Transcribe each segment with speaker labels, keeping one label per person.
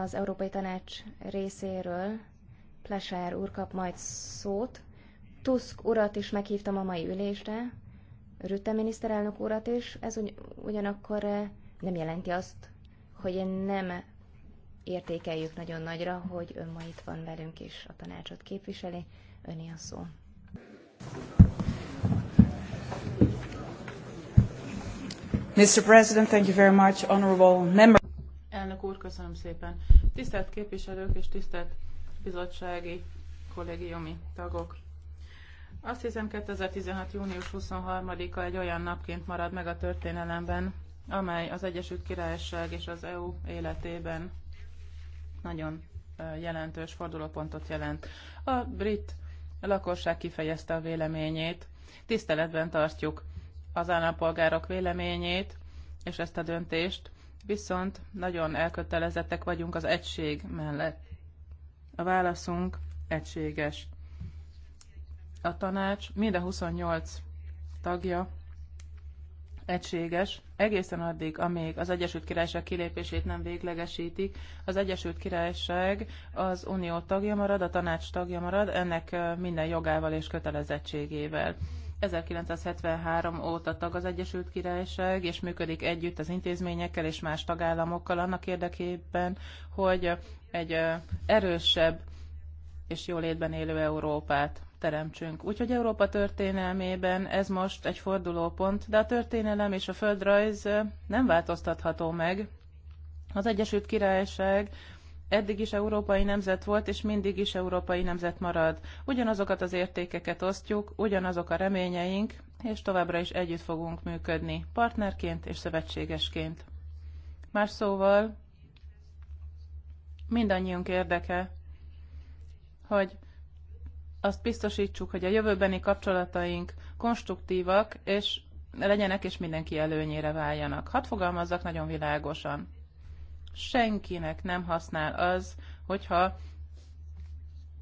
Speaker 1: az Európai Tanács részéről Plesár úr kap majd szót. Tusk urat is meghívtam a mai ülésre, Rütte miniszterelnök urat is. Ez ugy, ugyanakkor eh, nem jelenti azt, hogy én nem értékeljük nagyon nagyra, hogy ön ma itt van velünk és a tanácsot képviseli. Öné a szó.
Speaker 2: Mr. President, thank you very much, honorable member. Köszönöm szépen. Tisztelt képviselők és tisztelt bizottsági kollégiumi tagok! Azt hiszem 2016. június 23-a egy olyan napként marad meg a történelemben, amely az Egyesült Királyság és az EU életében nagyon jelentős fordulópontot jelent. A brit lakosság kifejezte a véleményét, tiszteletben tartjuk az állampolgárok véleményét és ezt a döntést, viszont nagyon elkötelezettek vagyunk az egység mellett. A válaszunk egységes. A tanács mind a 28 tagja egységes, egészen addig, amíg az Egyesült Királyság kilépését nem véglegesítik. Az Egyesült Királyság az unió tagja marad, a tanács tagja marad, ennek minden jogával és kötelezettségével. 1973 óta tag az Egyesült Királyság, és működik együtt az intézményekkel és más tagállamokkal annak érdekében, hogy egy erősebb és jólétben élő Európát teremtsünk. Úgyhogy Európa történelmében ez most egy fordulópont, de a történelem és a földrajz nem változtatható meg. Az Egyesült Királyság eddig is európai nemzet volt, és mindig is európai nemzet marad. Ugyanazokat az értékeket osztjuk, ugyanazok a reményeink, és továbbra is együtt fogunk működni, partnerként és szövetségesként. Más szóval, mindannyiunk érdeke, hogy azt biztosítsuk, hogy a jövőbeni kapcsolataink konstruktívak, és legyenek, és mindenki előnyére váljanak. Hadd fogalmazzak nagyon világosan senkinek nem használ az, hogyha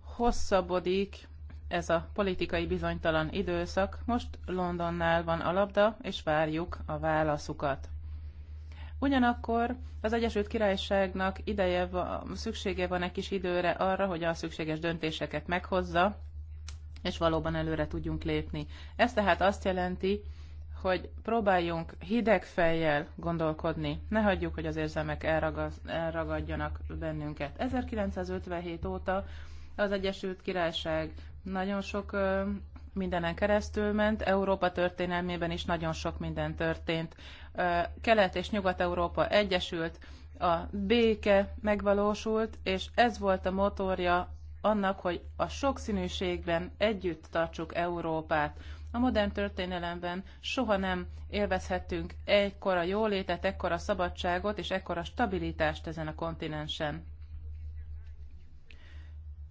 Speaker 2: hosszabbodik ez a politikai bizonytalan időszak. Most Londonnál van a labda, és várjuk a válaszukat. Ugyanakkor az Egyesült Királyságnak ideje van, szüksége van egy kis időre arra, hogy a szükséges döntéseket meghozza, és valóban előre tudjunk lépni. Ez tehát azt jelenti, hogy próbáljunk hideg fejjel gondolkodni, ne hagyjuk, hogy az érzelmek elragaz, elragadjanak bennünket. 1957 óta az Egyesült Királyság nagyon sok mindenen keresztül ment, Európa történelmében is nagyon sok minden történt. Kelet és Nyugat-Európa egyesült, a béke megvalósult, és ez volt a motorja annak, hogy a sokszínűségben együtt tartsuk Európát a modern történelemben soha nem élvezhettünk ekkora jólétet, ekkora szabadságot és ekkora stabilitást ezen a kontinensen.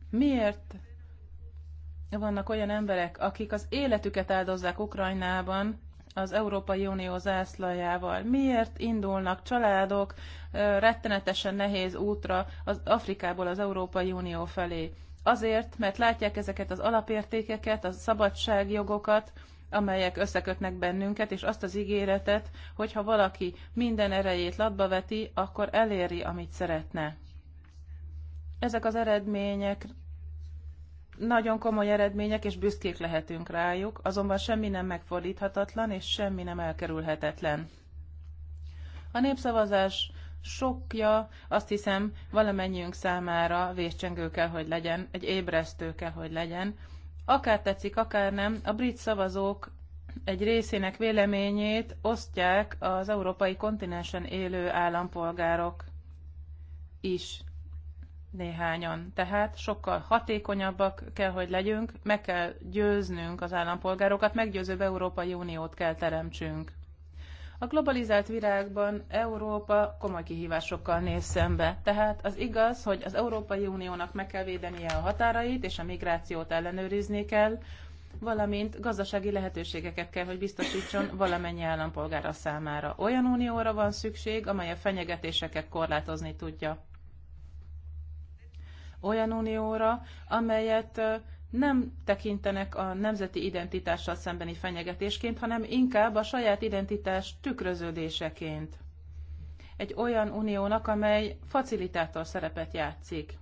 Speaker 2: Miért vannak olyan emberek, akik az életüket áldozzák Ukrajnában, az Európai Unió zászlajával. Miért indulnak családok rettenetesen nehéz útra az Afrikából az Európai Unió felé? Azért, mert látják ezeket az alapértékeket, a szabadságjogokat, amelyek összekötnek bennünket, és azt az ígéretet, hogy ha valaki minden erejét latba veti, akkor eléri, amit szeretne. Ezek az eredmények nagyon komoly eredmények, és büszkék lehetünk rájuk, azonban semmi nem megfordíthatatlan, és semmi nem elkerülhetetlen. A népszavazás sokja, azt hiszem, valamennyiünk számára vércsengő kell, hogy legyen, egy ébresztő kell, hogy legyen. Akár tetszik, akár nem, a brit szavazók egy részének véleményét osztják az európai kontinensen élő állampolgárok is néhányan. Tehát sokkal hatékonyabbak kell, hogy legyünk, meg kell győznünk az állampolgárokat, meggyőzőbb Európai Uniót kell teremtsünk. A globalizált világban Európa komoly kihívásokkal néz szembe. Tehát az igaz, hogy az Európai Uniónak meg kell védenie a határait, és a migrációt ellenőrizni kell, valamint gazdasági lehetőségeket kell, hogy biztosítson valamennyi állampolgára számára. Olyan unióra van szükség, amely a fenyegetéseket korlátozni tudja. Olyan unióra, amelyet nem tekintenek a nemzeti identitással szembeni fenyegetésként, hanem inkább a saját identitás tükröződéseként. Egy olyan uniónak, amely facilitátor szerepet játszik.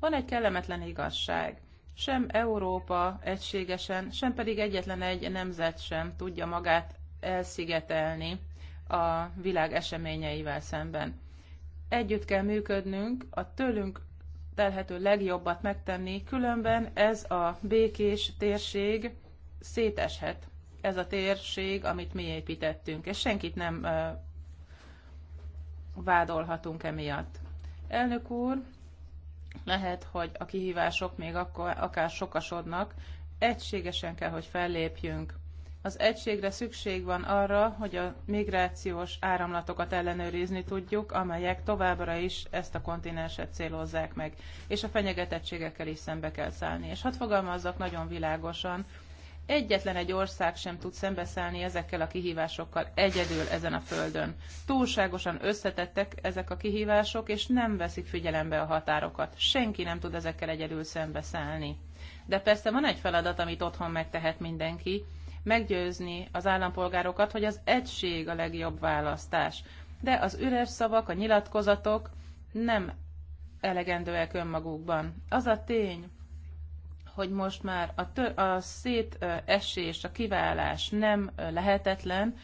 Speaker 2: Van egy kellemetlen igazság. Sem Európa egységesen, sem pedig egyetlen egy nemzet sem tudja magát elszigetelni a világ eseményeivel szemben. Együtt kell működnünk a tőlünk telhető legjobbat megtenni, különben ez a békés térség széteshet. Ez a térség, amit mi építettünk, és senkit nem vádolhatunk emiatt. Elnök úr, lehet, hogy a kihívások még akkor, akár sokasodnak, egységesen kell, hogy fellépjünk. Az egységre szükség van arra, hogy a migrációs áramlatokat ellenőrizni tudjuk, amelyek továbbra is ezt a kontinenset célozzák meg, és a fenyegetettségekkel is szembe kell szállni. És hadd fogalmazzak nagyon világosan, egyetlen egy ország sem tud szembeszállni ezekkel a kihívásokkal egyedül ezen a földön. Túlságosan összetettek ezek a kihívások, és nem veszik figyelembe a határokat. Senki nem tud ezekkel egyedül szembeszállni. De persze van egy feladat, amit otthon megtehet mindenki, meggyőzni az állampolgárokat, hogy az egység a legjobb választás. De az üres szavak, a nyilatkozatok nem elegendőek önmagukban. Az a tény, hogy most már a, tő, a szétesés, a kiválás nem lehetetlen,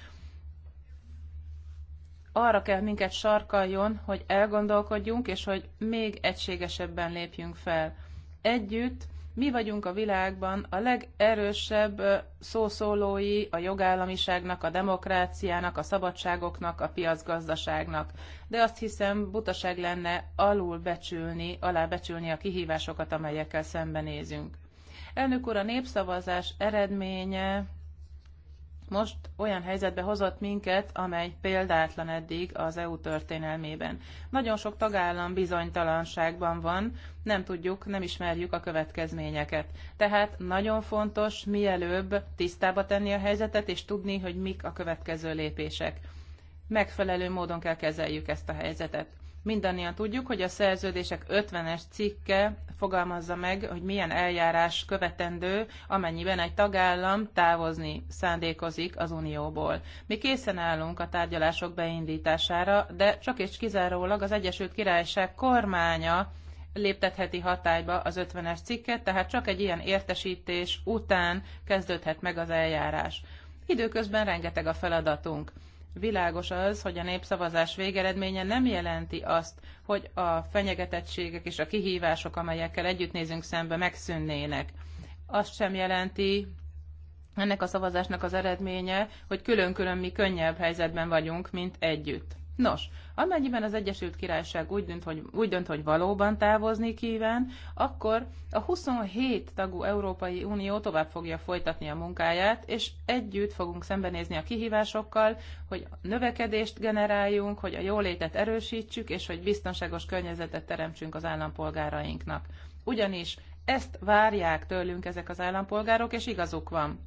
Speaker 2: arra kell minket sarkaljon, hogy elgondolkodjunk, és hogy még egységesebben lépjünk fel. Együtt mi vagyunk a világban a legerősebb szószólói a jogállamiságnak, a demokráciának, a szabadságoknak, a piacgazdaságnak. De azt hiszem, butaság lenne alulbecsülni, alábecsülni a kihívásokat, amelyekkel szembenézünk. Elnök úr, a népszavazás eredménye most olyan helyzetbe hozott minket, amely példátlan eddig az EU történelmében. Nagyon sok tagállam bizonytalanságban van, nem tudjuk, nem ismerjük a következményeket. Tehát nagyon fontos mielőbb tisztába tenni a helyzetet, és tudni, hogy mik a következő lépések. Megfelelő módon kell kezeljük ezt a helyzetet. Mindannyian tudjuk, hogy a szerződések 50-es cikke fogalmazza meg, hogy milyen eljárás követendő, amennyiben egy tagállam távozni szándékozik az Unióból. Mi készen állunk a tárgyalások beindítására, de csak és kizárólag az Egyesült Királyság kormánya léptetheti hatályba az 50-es cikket, tehát csak egy ilyen értesítés után kezdődhet meg az eljárás. Időközben rengeteg a feladatunk. Világos az, hogy a népszavazás végeredménye nem jelenti azt, hogy a fenyegetettségek és a kihívások, amelyekkel együtt nézünk szembe, megszűnnének. Azt sem jelenti, ennek a szavazásnak az eredménye, hogy külön-külön mi könnyebb helyzetben vagyunk, mint együtt. Nos, amennyiben az Egyesült Királyság úgy dönt, hogy, úgy dönt, hogy valóban távozni kíván, akkor a 27 tagú Európai Unió tovább fogja folytatni a munkáját, és együtt fogunk szembenézni a kihívásokkal, hogy növekedést generáljunk, hogy a jólétet erősítsük, és hogy biztonságos környezetet teremtsünk az állampolgárainknak. Ugyanis ezt várják tőlünk ezek az állampolgárok, és igazuk van.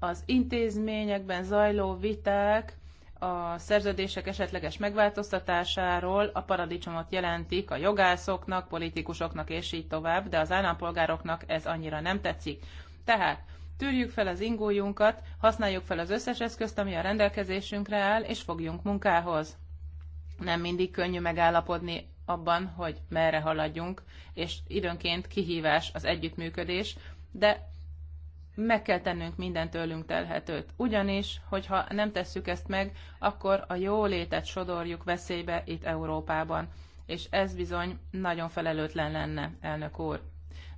Speaker 2: Az intézményekben zajló viták a szerződések esetleges megváltoztatásáról a paradicsomot jelentik a jogászoknak, politikusoknak és így tovább, de az állampolgároknak ez annyira nem tetszik. Tehát tűrjük fel az ingójunkat, használjuk fel az összes eszközt, ami a rendelkezésünkre áll, és fogjunk munkához. Nem mindig könnyű megállapodni abban, hogy merre haladjunk, és időnként kihívás az együttműködés, de meg kell tennünk minden tőlünk telhetőt. Ugyanis, hogyha nem tesszük ezt meg, akkor a jólétet sodorjuk veszélybe itt Európában. És ez bizony nagyon felelőtlen lenne, elnök úr.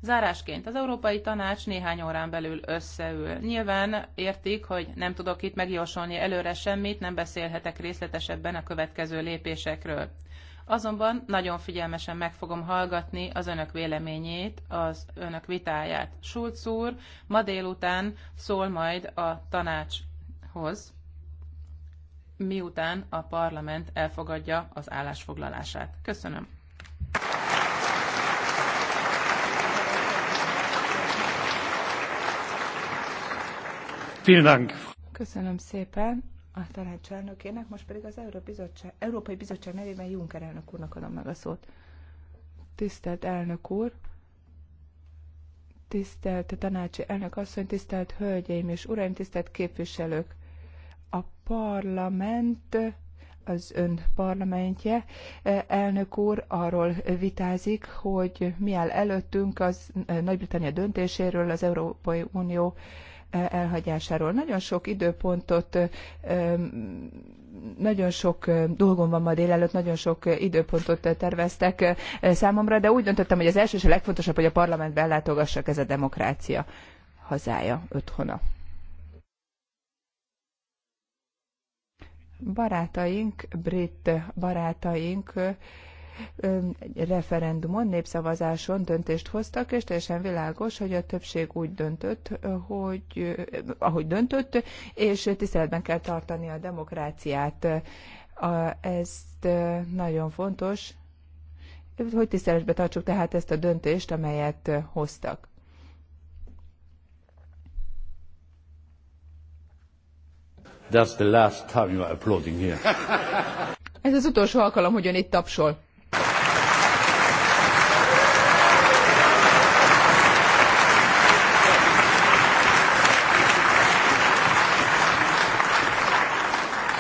Speaker 2: Zárásként az Európai Tanács néhány órán belül összeül. Nyilván értik, hogy nem tudok itt megjósolni előre semmit, nem beszélhetek részletesebben a következő lépésekről. Azonban nagyon figyelmesen meg fogom hallgatni az önök véleményét, az önök vitáját. Schulz úr ma délután szól majd a tanácshoz, miután a parlament elfogadja az állásfoglalását. Köszönöm.
Speaker 3: Köszönöm szépen a tanács elnökének, most pedig az Bizottság, Európai Bizottság nevében Juncker elnök úrnak adom meg a szót. Tisztelt elnök úr, tisztelt tanácsi elnök asszony, tisztelt hölgyeim és uraim, tisztelt képviselők! A parlament az ön parlamentje. Elnök úr arról vitázik, hogy mi áll előttünk az Nagy-Britannia döntéséről, az Európai Unió elhagyásáról. Nagyon sok időpontot, nagyon sok dolgom van ma délelőtt, nagyon sok időpontot terveztek számomra, de úgy döntöttem, hogy az első és a legfontosabb, hogy a parlamentben ellátogassak ez a demokrácia hazája, ötthona. Barátaink, brit barátaink, referendumon, népszavazáson döntést hoztak, és teljesen világos, hogy a többség úgy döntött, hogy ahogy döntött, és tiszteletben kell tartani a demokráciát. Ezt nagyon fontos, hogy tiszteletben tartsuk tehát ezt a döntést, amelyet hoztak.
Speaker 4: That's the last time you are applauding here.
Speaker 3: Ez az utolsó alkalom, hogy ön itt tapsol.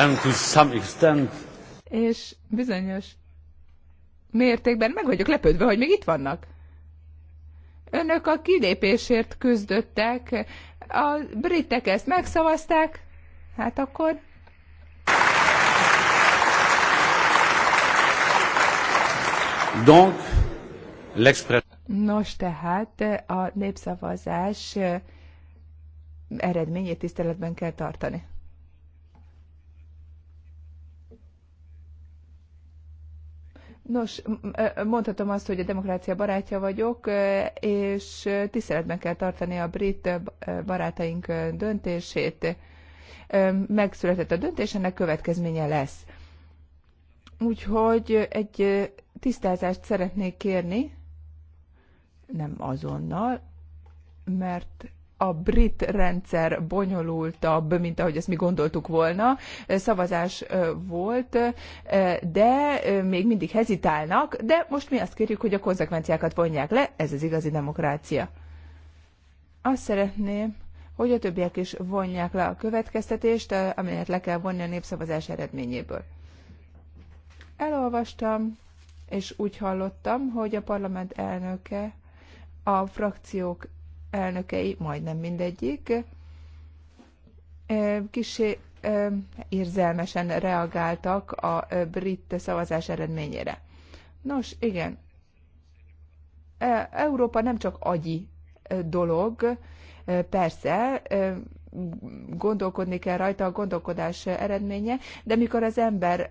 Speaker 4: And to some extent...
Speaker 3: És bizonyos mértékben meg vagyok lepődve, hogy még itt vannak. Önök a kilépésért küzdöttek, a britek ezt megszavazták, hát akkor... Donc, Nos, tehát a népszavazás eredményét tiszteletben kell tartani. Nos, mondhatom azt, hogy a demokrácia barátja vagyok, és tiszteletben kell tartani a brit barátaink döntését. Megszületett a döntés, ennek következménye lesz. Úgyhogy egy tisztázást szeretnék kérni, nem azonnal, mert a brit rendszer bonyolultabb, mint ahogy ezt mi gondoltuk volna. Szavazás volt, de még mindig hezitálnak, de most mi azt kérjük, hogy a konzekvenciákat vonják le, ez az igazi demokrácia. Azt szeretném, hogy a többiek is vonják le a következtetést, amelyet le kell vonni a népszavazás eredményéből. Elolvastam, és úgy hallottam, hogy a parlament elnöke a frakciók elnökei, majdnem mindegyik, kicsi érzelmesen reagáltak a brit szavazás eredményére. Nos, igen, Európa nem csak agyi dolog, persze, gondolkodni kell rajta, a gondolkodás eredménye, de mikor az ember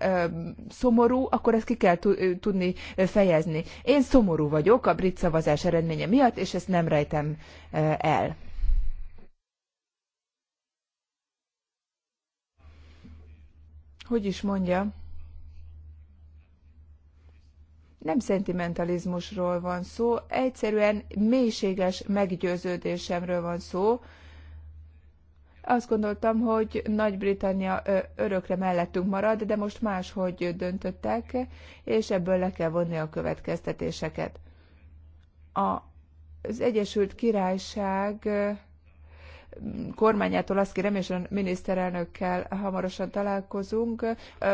Speaker 3: szomorú, akkor ezt ki kell tudni fejezni. Én szomorú vagyok a brit szavazás eredménye miatt, és ezt nem rejtem el. Hogy is mondja? nem szentimentalizmusról van szó, egyszerűen mélységes meggyőződésemről van szó, azt gondoltam, hogy Nagy-Britannia örökre mellettünk marad, de most máshogy döntöttek, és ebből le kell vonni a következtetéseket. A, az Egyesült Királyság kormányától azt kérem, és a miniszterelnökkel hamarosan találkozunk,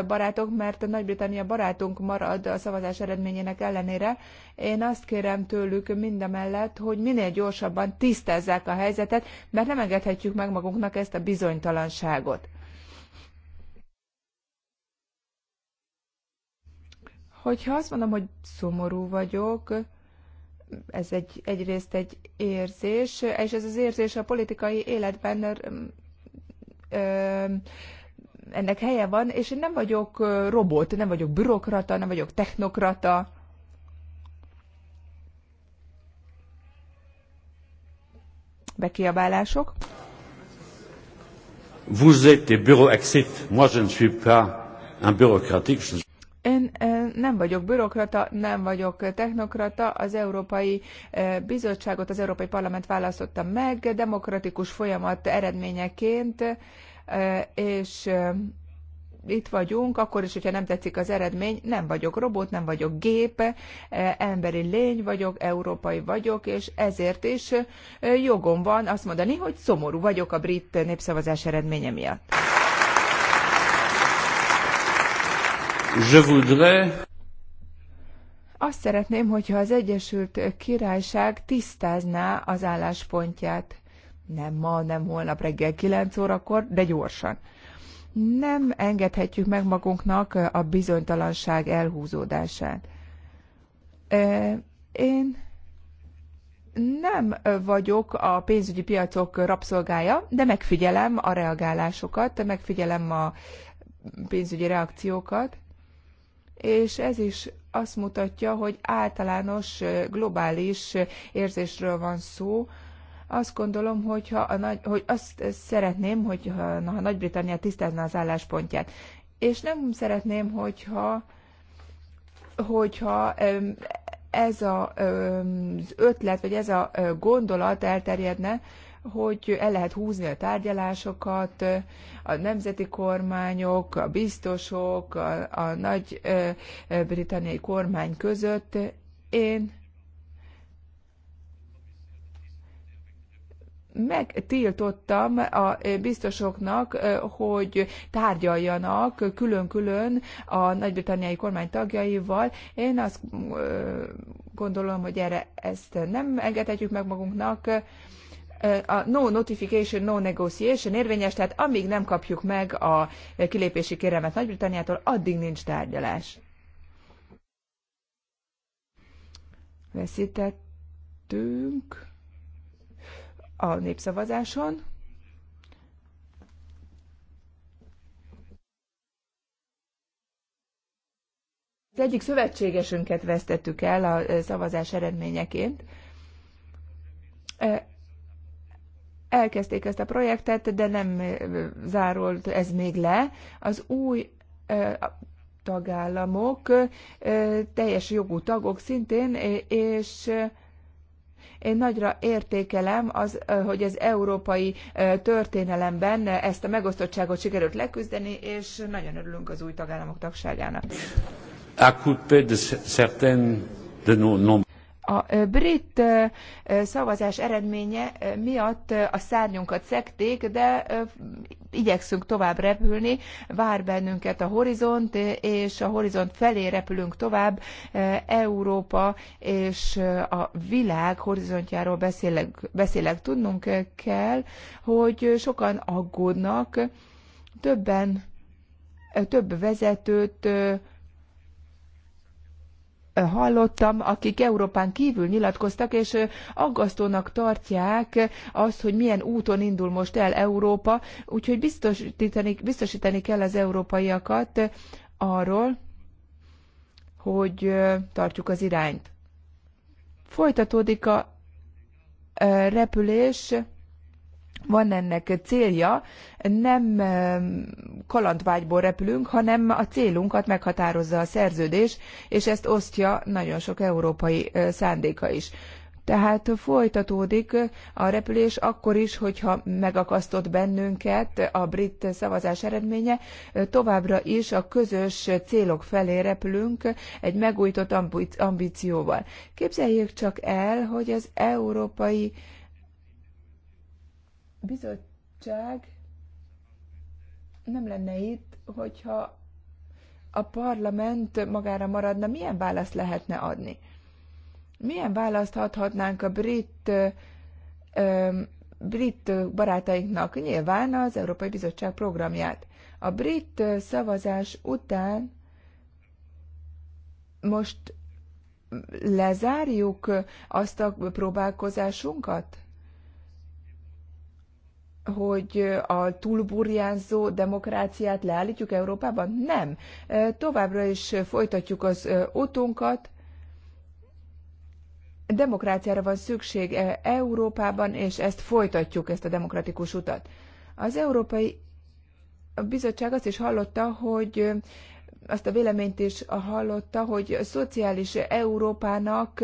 Speaker 3: barátok, mert a Nagy-Britannia barátunk marad a szavazás eredményének ellenére. Én azt kérem tőlük mindamellett, hogy minél gyorsabban tisztázzák a helyzetet, mert nem engedhetjük meg magunknak ezt a bizonytalanságot. Hogyha azt mondom, hogy szomorú vagyok, ez egy, egyrészt egy érzés, és ez az érzés a politikai életben ö, ennek helye van, és én nem vagyok robot, nem vagyok bürokrata, nem vagyok technokrata. Bekiabálások.
Speaker 4: Vous êtes des bureaucrates. Moi, je ne suis pas un bureaucratique. Je...
Speaker 3: Én eh, nem vagyok bürokrata, nem vagyok technokrata, az Európai eh, Bizottságot, az Európai Parlament választotta meg demokratikus folyamat eredményeként, eh, és itt vagyunk, akkor is, hogyha nem tetszik az eredmény, nem vagyok robot, nem vagyok gép, emberi lény vagyok, európai vagyok, és ezért is jogom van azt mondani, hogy szomorú vagyok a brit népszavazás eredménye miatt.
Speaker 4: Je voudrais...
Speaker 3: Azt szeretném, hogyha az Egyesült Királyság tisztázná az álláspontját. Nem ma, nem holnap reggel 9 órakor, de gyorsan. Nem engedhetjük meg magunknak a bizonytalanság elhúzódását. Én nem vagyok a pénzügyi piacok rabszolgája, de megfigyelem a reagálásokat, megfigyelem a pénzügyi reakciókat és ez is azt mutatja, hogy általános, globális érzésről van szó. Azt gondolom, hogyha a nagy, hogy azt szeretném, hogyha na, ha Nagy-Britannia tisztázna az álláspontját. És nem szeretném, hogyha, hogyha ez a, az ötlet, vagy ez a gondolat elterjedne, hogy el lehet húzni a tárgyalásokat, a nemzeti kormányok, a biztosok, a, a nagy britanniai kormány között. Én megtiltottam a biztosoknak, hogy tárgyaljanak külön-külön a nagy-britanniai kormány tagjaival. Én azt gondolom, hogy erre ezt nem engedhetjük meg magunknak a no notification, no negotiation érvényes, tehát amíg nem kapjuk meg a kilépési kérelmet Nagy-Britanniától, addig nincs tárgyalás. Veszítettünk a népszavazáson. Az egyik szövetségesünket vesztettük el a szavazás eredményeként elkezdték ezt a projektet, de nem zárult ez még le. Az új tagállamok teljes jogú tagok szintén, és én nagyra értékelem, az, hogy az európai történelemben ezt a megosztottságot sikerült leküzdeni, és nagyon örülünk az új tagállamok tagságának.
Speaker 4: A de certaines de nos
Speaker 3: a brit szavazás eredménye miatt a szárnyunkat szekték, de igyekszünk tovább repülni, vár bennünket a horizont, és a horizont felé repülünk tovább. Európa és a világ horizontjáról beszélek, beszélek. Tudnunk kell, hogy sokan aggódnak, többen, több vezetőt, hallottam, akik Európán kívül nyilatkoztak, és aggasztónak tartják azt, hogy milyen úton indul most el Európa, úgyhogy biztosítani, biztosítani kell az európaiakat arról, hogy tartjuk az irányt. Folytatódik a repülés, van ennek célja, nem kalandvágyból repülünk, hanem a célunkat meghatározza a szerződés, és ezt osztja nagyon sok európai szándéka is. Tehát folytatódik a repülés akkor is, hogyha megakasztott bennünket a brit szavazás eredménye, továbbra is a közös célok felé repülünk egy megújtott ambícióval. Képzeljék csak el, hogy az európai bizottság nem lenne itt, hogyha a parlament magára maradna, milyen választ lehetne adni? Milyen választ adhatnánk a brit, ö, brit barátainknak? Nyilván az Európai Bizottság programját. A brit szavazás után most lezárjuk azt a próbálkozásunkat? hogy a túlburjánzó demokráciát leállítjuk Európában? Nem. Továbbra is folytatjuk az utunkat. Demokráciára van szükség Európában, és ezt folytatjuk, ezt a demokratikus utat. Az Európai Bizottság azt is hallotta, hogy azt a véleményt is hallotta, hogy a szociális Európának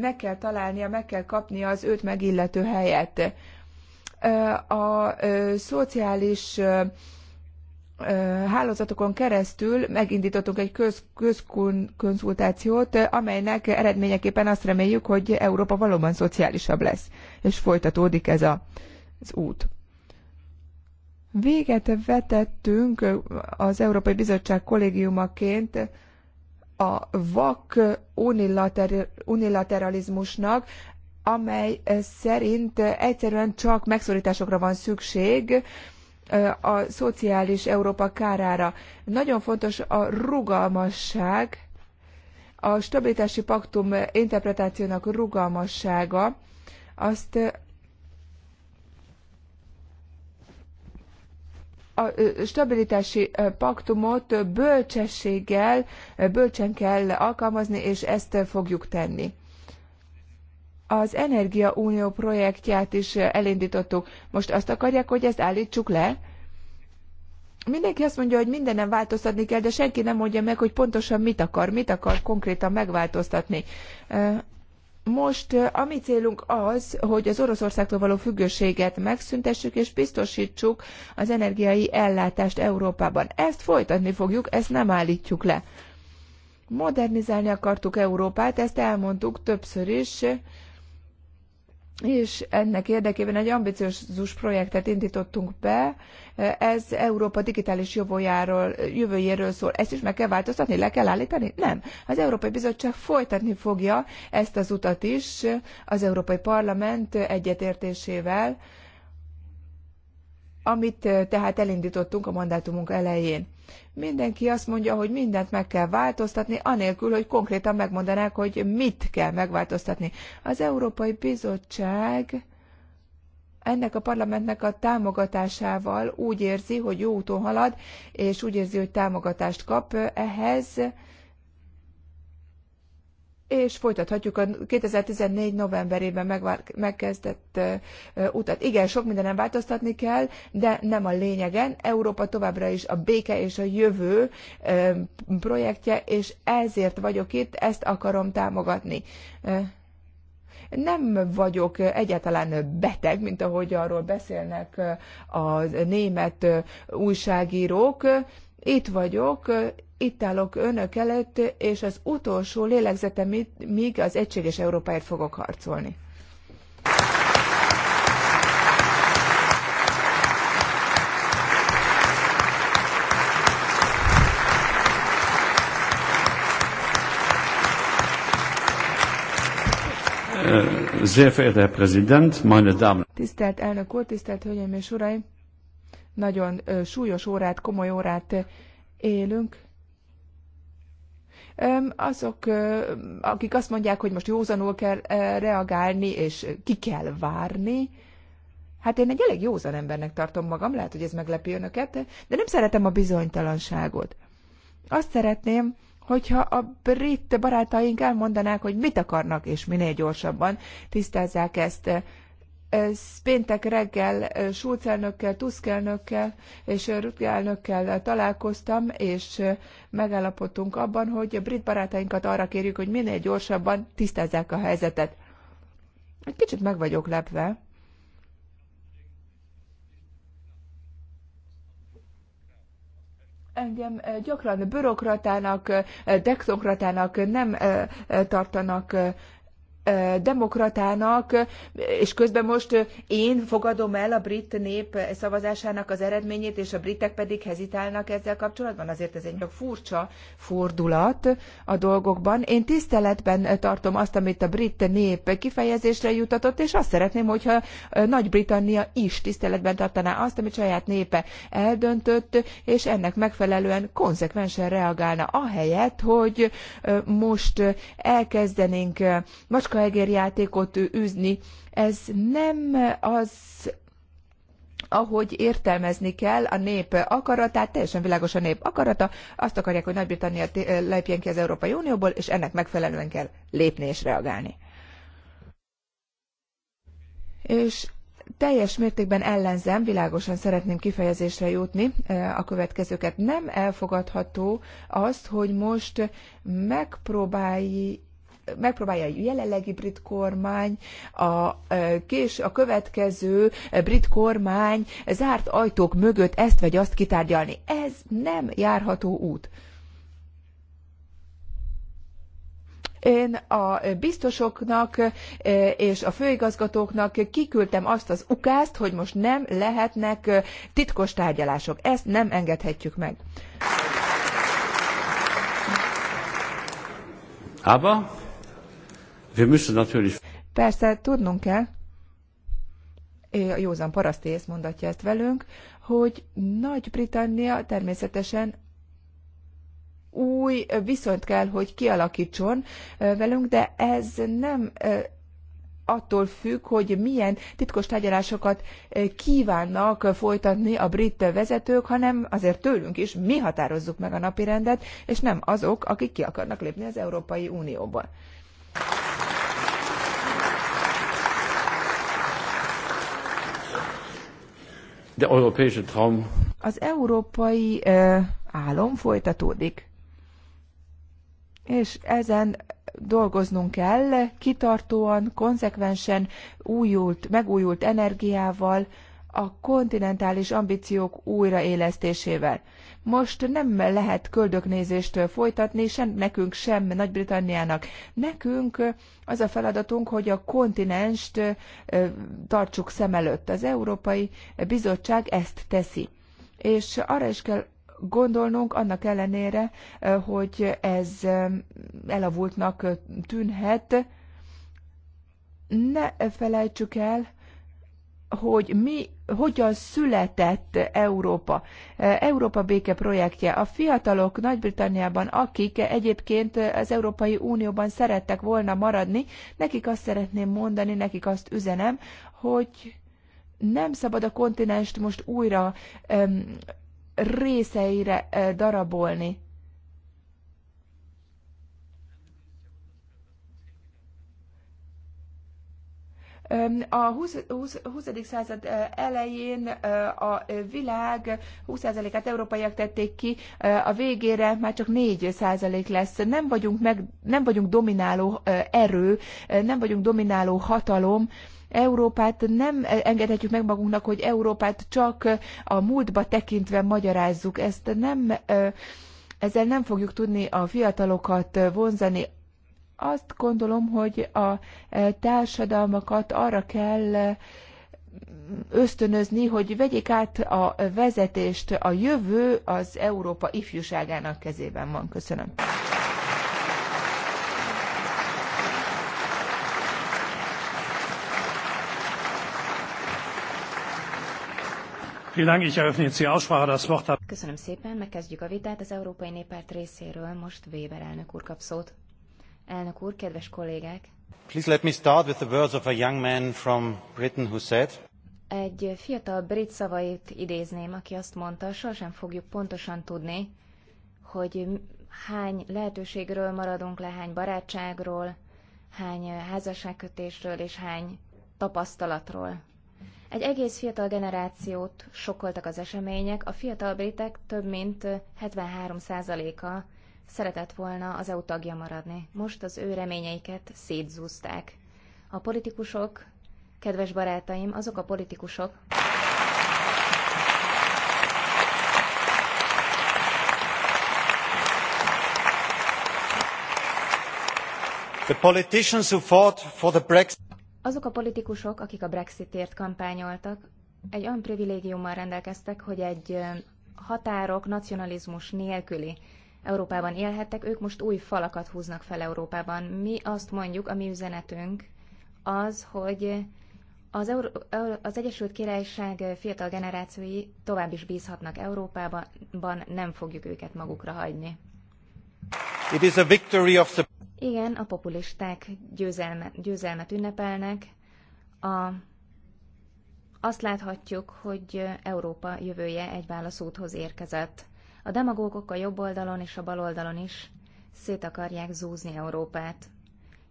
Speaker 3: meg kell találnia, meg kell kapnia az őt megillető helyet a szociális hálózatokon keresztül megindítottunk egy közkonzultációt, amelynek eredményeképpen azt reméljük, hogy Európa valóban szociálisabb lesz, és folytatódik ez a, az út. Véget vetettünk az Európai Bizottság kollégiumaként a vak unilateralizmusnak, amely szerint egyszerűen csak megszorításokra van szükség, a szociális Európa kárára. Nagyon fontos a rugalmasság, a stabilitási paktum interpretációnak rugalmassága. Azt a stabilitási paktumot bölcsességgel, bölcsen kell alkalmazni, és ezt fogjuk tenni az Energia Unió projektját is elindítottuk. Most azt akarják, hogy ezt állítsuk le? Mindenki azt mondja, hogy mindenem változtatni kell, de senki nem mondja meg, hogy pontosan mit akar, mit akar konkrétan megváltoztatni. Most a mi célunk az, hogy az Oroszországtól való függőséget megszüntessük és biztosítsuk az energiai ellátást Európában. Ezt folytatni fogjuk, ezt nem állítjuk le. Modernizálni akartuk Európát, ezt elmondtuk többször is, és ennek érdekében egy ambiciózus projektet indítottunk be, ez Európa digitális jövőjáról, jövőjéről szól. Ezt is meg kell változtatni, le kell állítani? Nem. Az Európai Bizottság folytatni fogja ezt az utat is az Európai Parlament egyetértésével, amit eh, tehát elindítottunk a mandátumunk elején. Mindenki azt mondja, hogy mindent meg kell változtatni, anélkül, hogy konkrétan megmondanák, hogy mit kell megváltoztatni. Az Európai Bizottság ennek a parlamentnek a támogatásával úgy érzi, hogy jó úton halad, és úgy érzi, hogy támogatást kap ehhez és folytathatjuk a 2014 novemberében megvár, megkezdett uh, utat. Igen, sok nem változtatni kell, de nem a lényegen. Európa továbbra is a béke és a jövő uh, projektje, és ezért vagyok itt, ezt akarom támogatni. Uh, nem vagyok egyáltalán beteg, mint ahogy arról beszélnek a német újságírók. Itt vagyok, itt állok önök előtt, és az utolsó lélegzetem míg az egységes Európáért fogok harcolni.
Speaker 4: Sehr verehrter Herr Präsident, meine Damen.
Speaker 3: Tisztelt elnök úr, tisztelt hölgyeim és uraim! Nagyon súlyos órát, komoly órát élünk azok, akik azt mondják, hogy most józanul kell reagálni, és ki kell várni, Hát én egy elég józan embernek tartom magam, lehet, hogy ez meglepi önöket, de, nem szeretem a bizonytalanságot. Azt szeretném, hogyha a brit barátaink elmondanák, hogy mit akarnak, és minél gyorsabban tisztázzák ezt péntek reggel Schulz elnökkel, Tusk elnökkel és Rutger elnökkel találkoztam, és megállapodtunk abban, hogy a brit barátainkat arra kérjük, hogy minél gyorsabban tisztázzák a helyzetet. Egy kicsit meg vagyok lepve. Engem gyakran bürokratának, dektokratának nem tartanak demokratának, és közben most én fogadom el a brit nép szavazásának az eredményét, és a britek pedig hezitálnak ezzel kapcsolatban. Azért ez egy furcsa fordulat a dolgokban. Én tiszteletben tartom azt, amit a brit nép kifejezésre jutatott, és azt szeretném, hogyha Nagy-Britannia is tiszteletben tartaná azt, amit saját népe eldöntött, és ennek megfelelően konzekvensen reagálna, ahelyett, hogy most elkezdenénk macska egérjátékot űzni. Ez nem az ahogy értelmezni kell a nép akaratát, teljesen világos a nép akarata, azt akarják, hogy Nagy-Britannia lépjen ki az Európai Unióból, és ennek megfelelően kell lépni és reagálni. És teljes mértékben ellenzem, világosan szeretném kifejezésre jutni e, a következőket. Nem elfogadható azt, hogy most megpróbálj megpróbálja a jelenlegi brit kormány, a, kés, a következő brit kormány zárt ajtók mögött ezt vagy azt kitárgyalni. Ez nem járható út. Én a biztosoknak és a főigazgatóknak kiküldtem azt az ukázt, hogy most nem lehetnek titkos tárgyalások. Ezt nem engedhetjük meg.
Speaker 4: Aber Wir müssen natürlich...
Speaker 3: Persze, tudnunk kell, a józan parasztész mondatja ezt velünk, hogy Nagy-Britannia természetesen új viszonyt kell, hogy kialakítson velünk, de ez nem attól függ, hogy milyen titkos tárgyalásokat kívánnak folytatni a brit vezetők, hanem azért tőlünk is mi határozzuk meg a napirendet, és nem azok, akik ki akarnak lépni az Európai Unióból.
Speaker 4: De europäische Traum.
Speaker 3: Az európai uh, álom folytatódik. És ezen dolgoznunk kell, kitartóan, konzekvensen, újult, megújult energiával, a kontinentális ambíciók újraélesztésével. Most nem lehet köldöknézéstől folytatni, sem nekünk, sem Nagy-Britanniának. Nekünk az a feladatunk, hogy a kontinenst tartsuk szem előtt. Az Európai Bizottság ezt teszi. És arra is kell gondolnunk, annak ellenére, hogy ez elavultnak tűnhet, ne felejtsük el, hogy mi, hogyan született Európa. Európa béke projektje. A fiatalok Nagy-Britanniában, akik egyébként az Európai Unióban szerettek volna maradni, nekik azt szeretném mondani, nekik azt üzenem, hogy nem szabad a kontinenst most újra öm, részeire eh, darabolni. A 20. század elején a világ 20%-át európaiak tették ki, a végére már csak 4% lesz. Nem vagyunk, meg, nem vagyunk domináló erő, nem vagyunk domináló hatalom, Európát nem engedhetjük meg magunknak, hogy Európát csak a múltba tekintve magyarázzuk. Ezt nem ezzel nem fogjuk tudni a fiatalokat vonzani azt gondolom, hogy a e, társadalmakat arra kell e, ösztönözni, hogy vegyék át a vezetést. A jövő az Európa ifjúságának kezében van. Köszönöm.
Speaker 1: Köszönöm szépen, megkezdjük a vitát az Európai Néppárt részéről. Most Weber elnök úr kap szót. Elnök úr, kedves kollégák!
Speaker 4: Please let me start with the words of a young man from Britain who said,
Speaker 1: egy fiatal brit szavait idézném, aki azt mondta, sosem fogjuk pontosan tudni, hogy hány lehetőségről maradunk le, hány barátságról, hány házasságkötésről és hány tapasztalatról. Egy egész fiatal generációt sokkoltak az események, a fiatal britek több mint 73%-a szeretett volna az EU tagja maradni. Most az ő reményeiket szétzúzták. A politikusok, kedves barátaim, azok a politikusok,
Speaker 4: The politicians who fought for the Brexit.
Speaker 1: Azok a politikusok, akik a Brexitért kampányoltak, egy olyan privilégiummal rendelkeztek, hogy egy határok nacionalizmus nélküli Európában élhettek, ők most új falakat húznak fel Európában. Mi azt mondjuk, a mi üzenetünk az, hogy az, Euró- az Egyesült Királyság fiatal generációi tovább is bízhatnak Európában, nem fogjuk őket magukra hagyni.
Speaker 4: It is a victory of the...
Speaker 1: Igen, a populisták győzelme, győzelmet ünnepelnek. A, azt láthatjuk, hogy Európa jövője egy válaszúthoz érkezett. A demagógok a jobb oldalon és a bal oldalon is szét akarják zúzni Európát.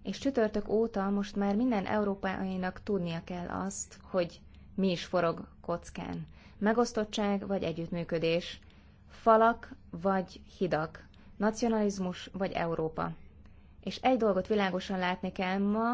Speaker 1: És csütörtök óta most már minden európainak tudnia kell azt, hogy mi is forog kockán. Megosztottság vagy együttműködés, falak vagy hidak, nacionalizmus vagy Európa. És egy dolgot világosan látni kell ma,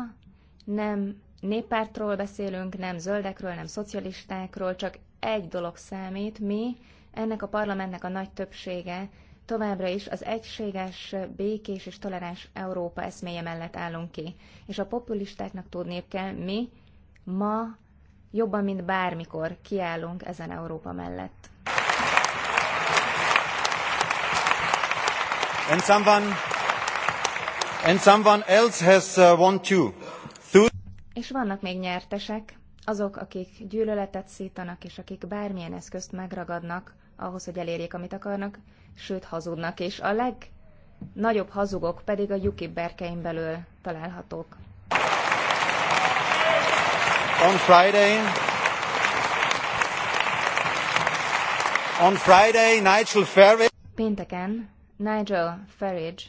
Speaker 1: nem néppártról beszélünk, nem zöldekről, nem szocialistákról, csak egy dolog számít, mi ennek a parlamentnek a nagy többsége továbbra is az egységes, békés és toleráns Európa eszméje mellett állunk ki. És a populistáknak tudniuk kell, mi ma jobban, mint bármikor kiállunk ezen Európa mellett. And someone, and someone else has
Speaker 4: uh, won too.
Speaker 1: És vannak még nyertesek, azok, akik gyűlöletet szítanak, és akik bármilyen eszközt megragadnak ahhoz, hogy elérjék, amit akarnak, sőt, hazudnak, és a legnagyobb hazugok pedig a Yuki berkeim belül találhatók. On
Speaker 4: Friday, on Friday, Nigel Farage...
Speaker 1: Pénteken Nigel Farage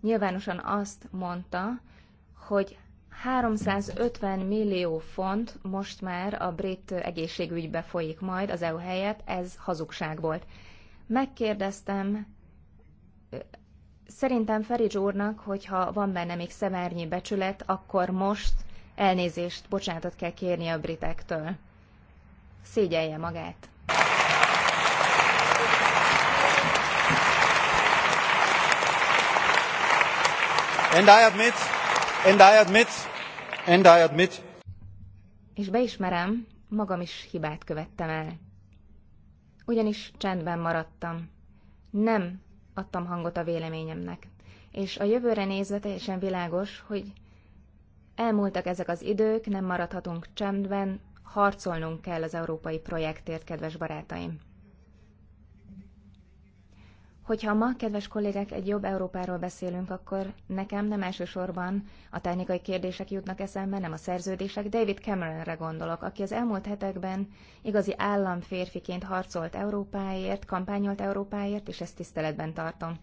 Speaker 1: nyilvánosan azt mondta, hogy 350 millió font most már a brit egészségügybe folyik majd az EU helyett, ez hazugság volt. Megkérdeztem, szerintem Ferics úrnak, hogyha van benne még szemernyi becsület, akkor most elnézést, bocsánatot kell kérni a britektől. Szégyelje magát. And I admit And
Speaker 4: I admit, and I admit.
Speaker 1: És beismerem, magam is hibát követtem el. Ugyanis csendben maradtam. Nem adtam hangot a véleményemnek. És a jövőre nézve teljesen világos, hogy elmúltak ezek az idők, nem maradhatunk csendben, harcolnunk kell az európai projektért, kedves barátaim. Hogyha ma, kedves kollégek, egy jobb Európáról beszélünk, akkor nekem nem elsősorban a technikai kérdések jutnak eszembe, nem a szerződések. David Cameronre gondolok, aki az elmúlt hetekben igazi államférfiként harcolt Európáért, kampányolt Európáért, és ezt tiszteletben tartom.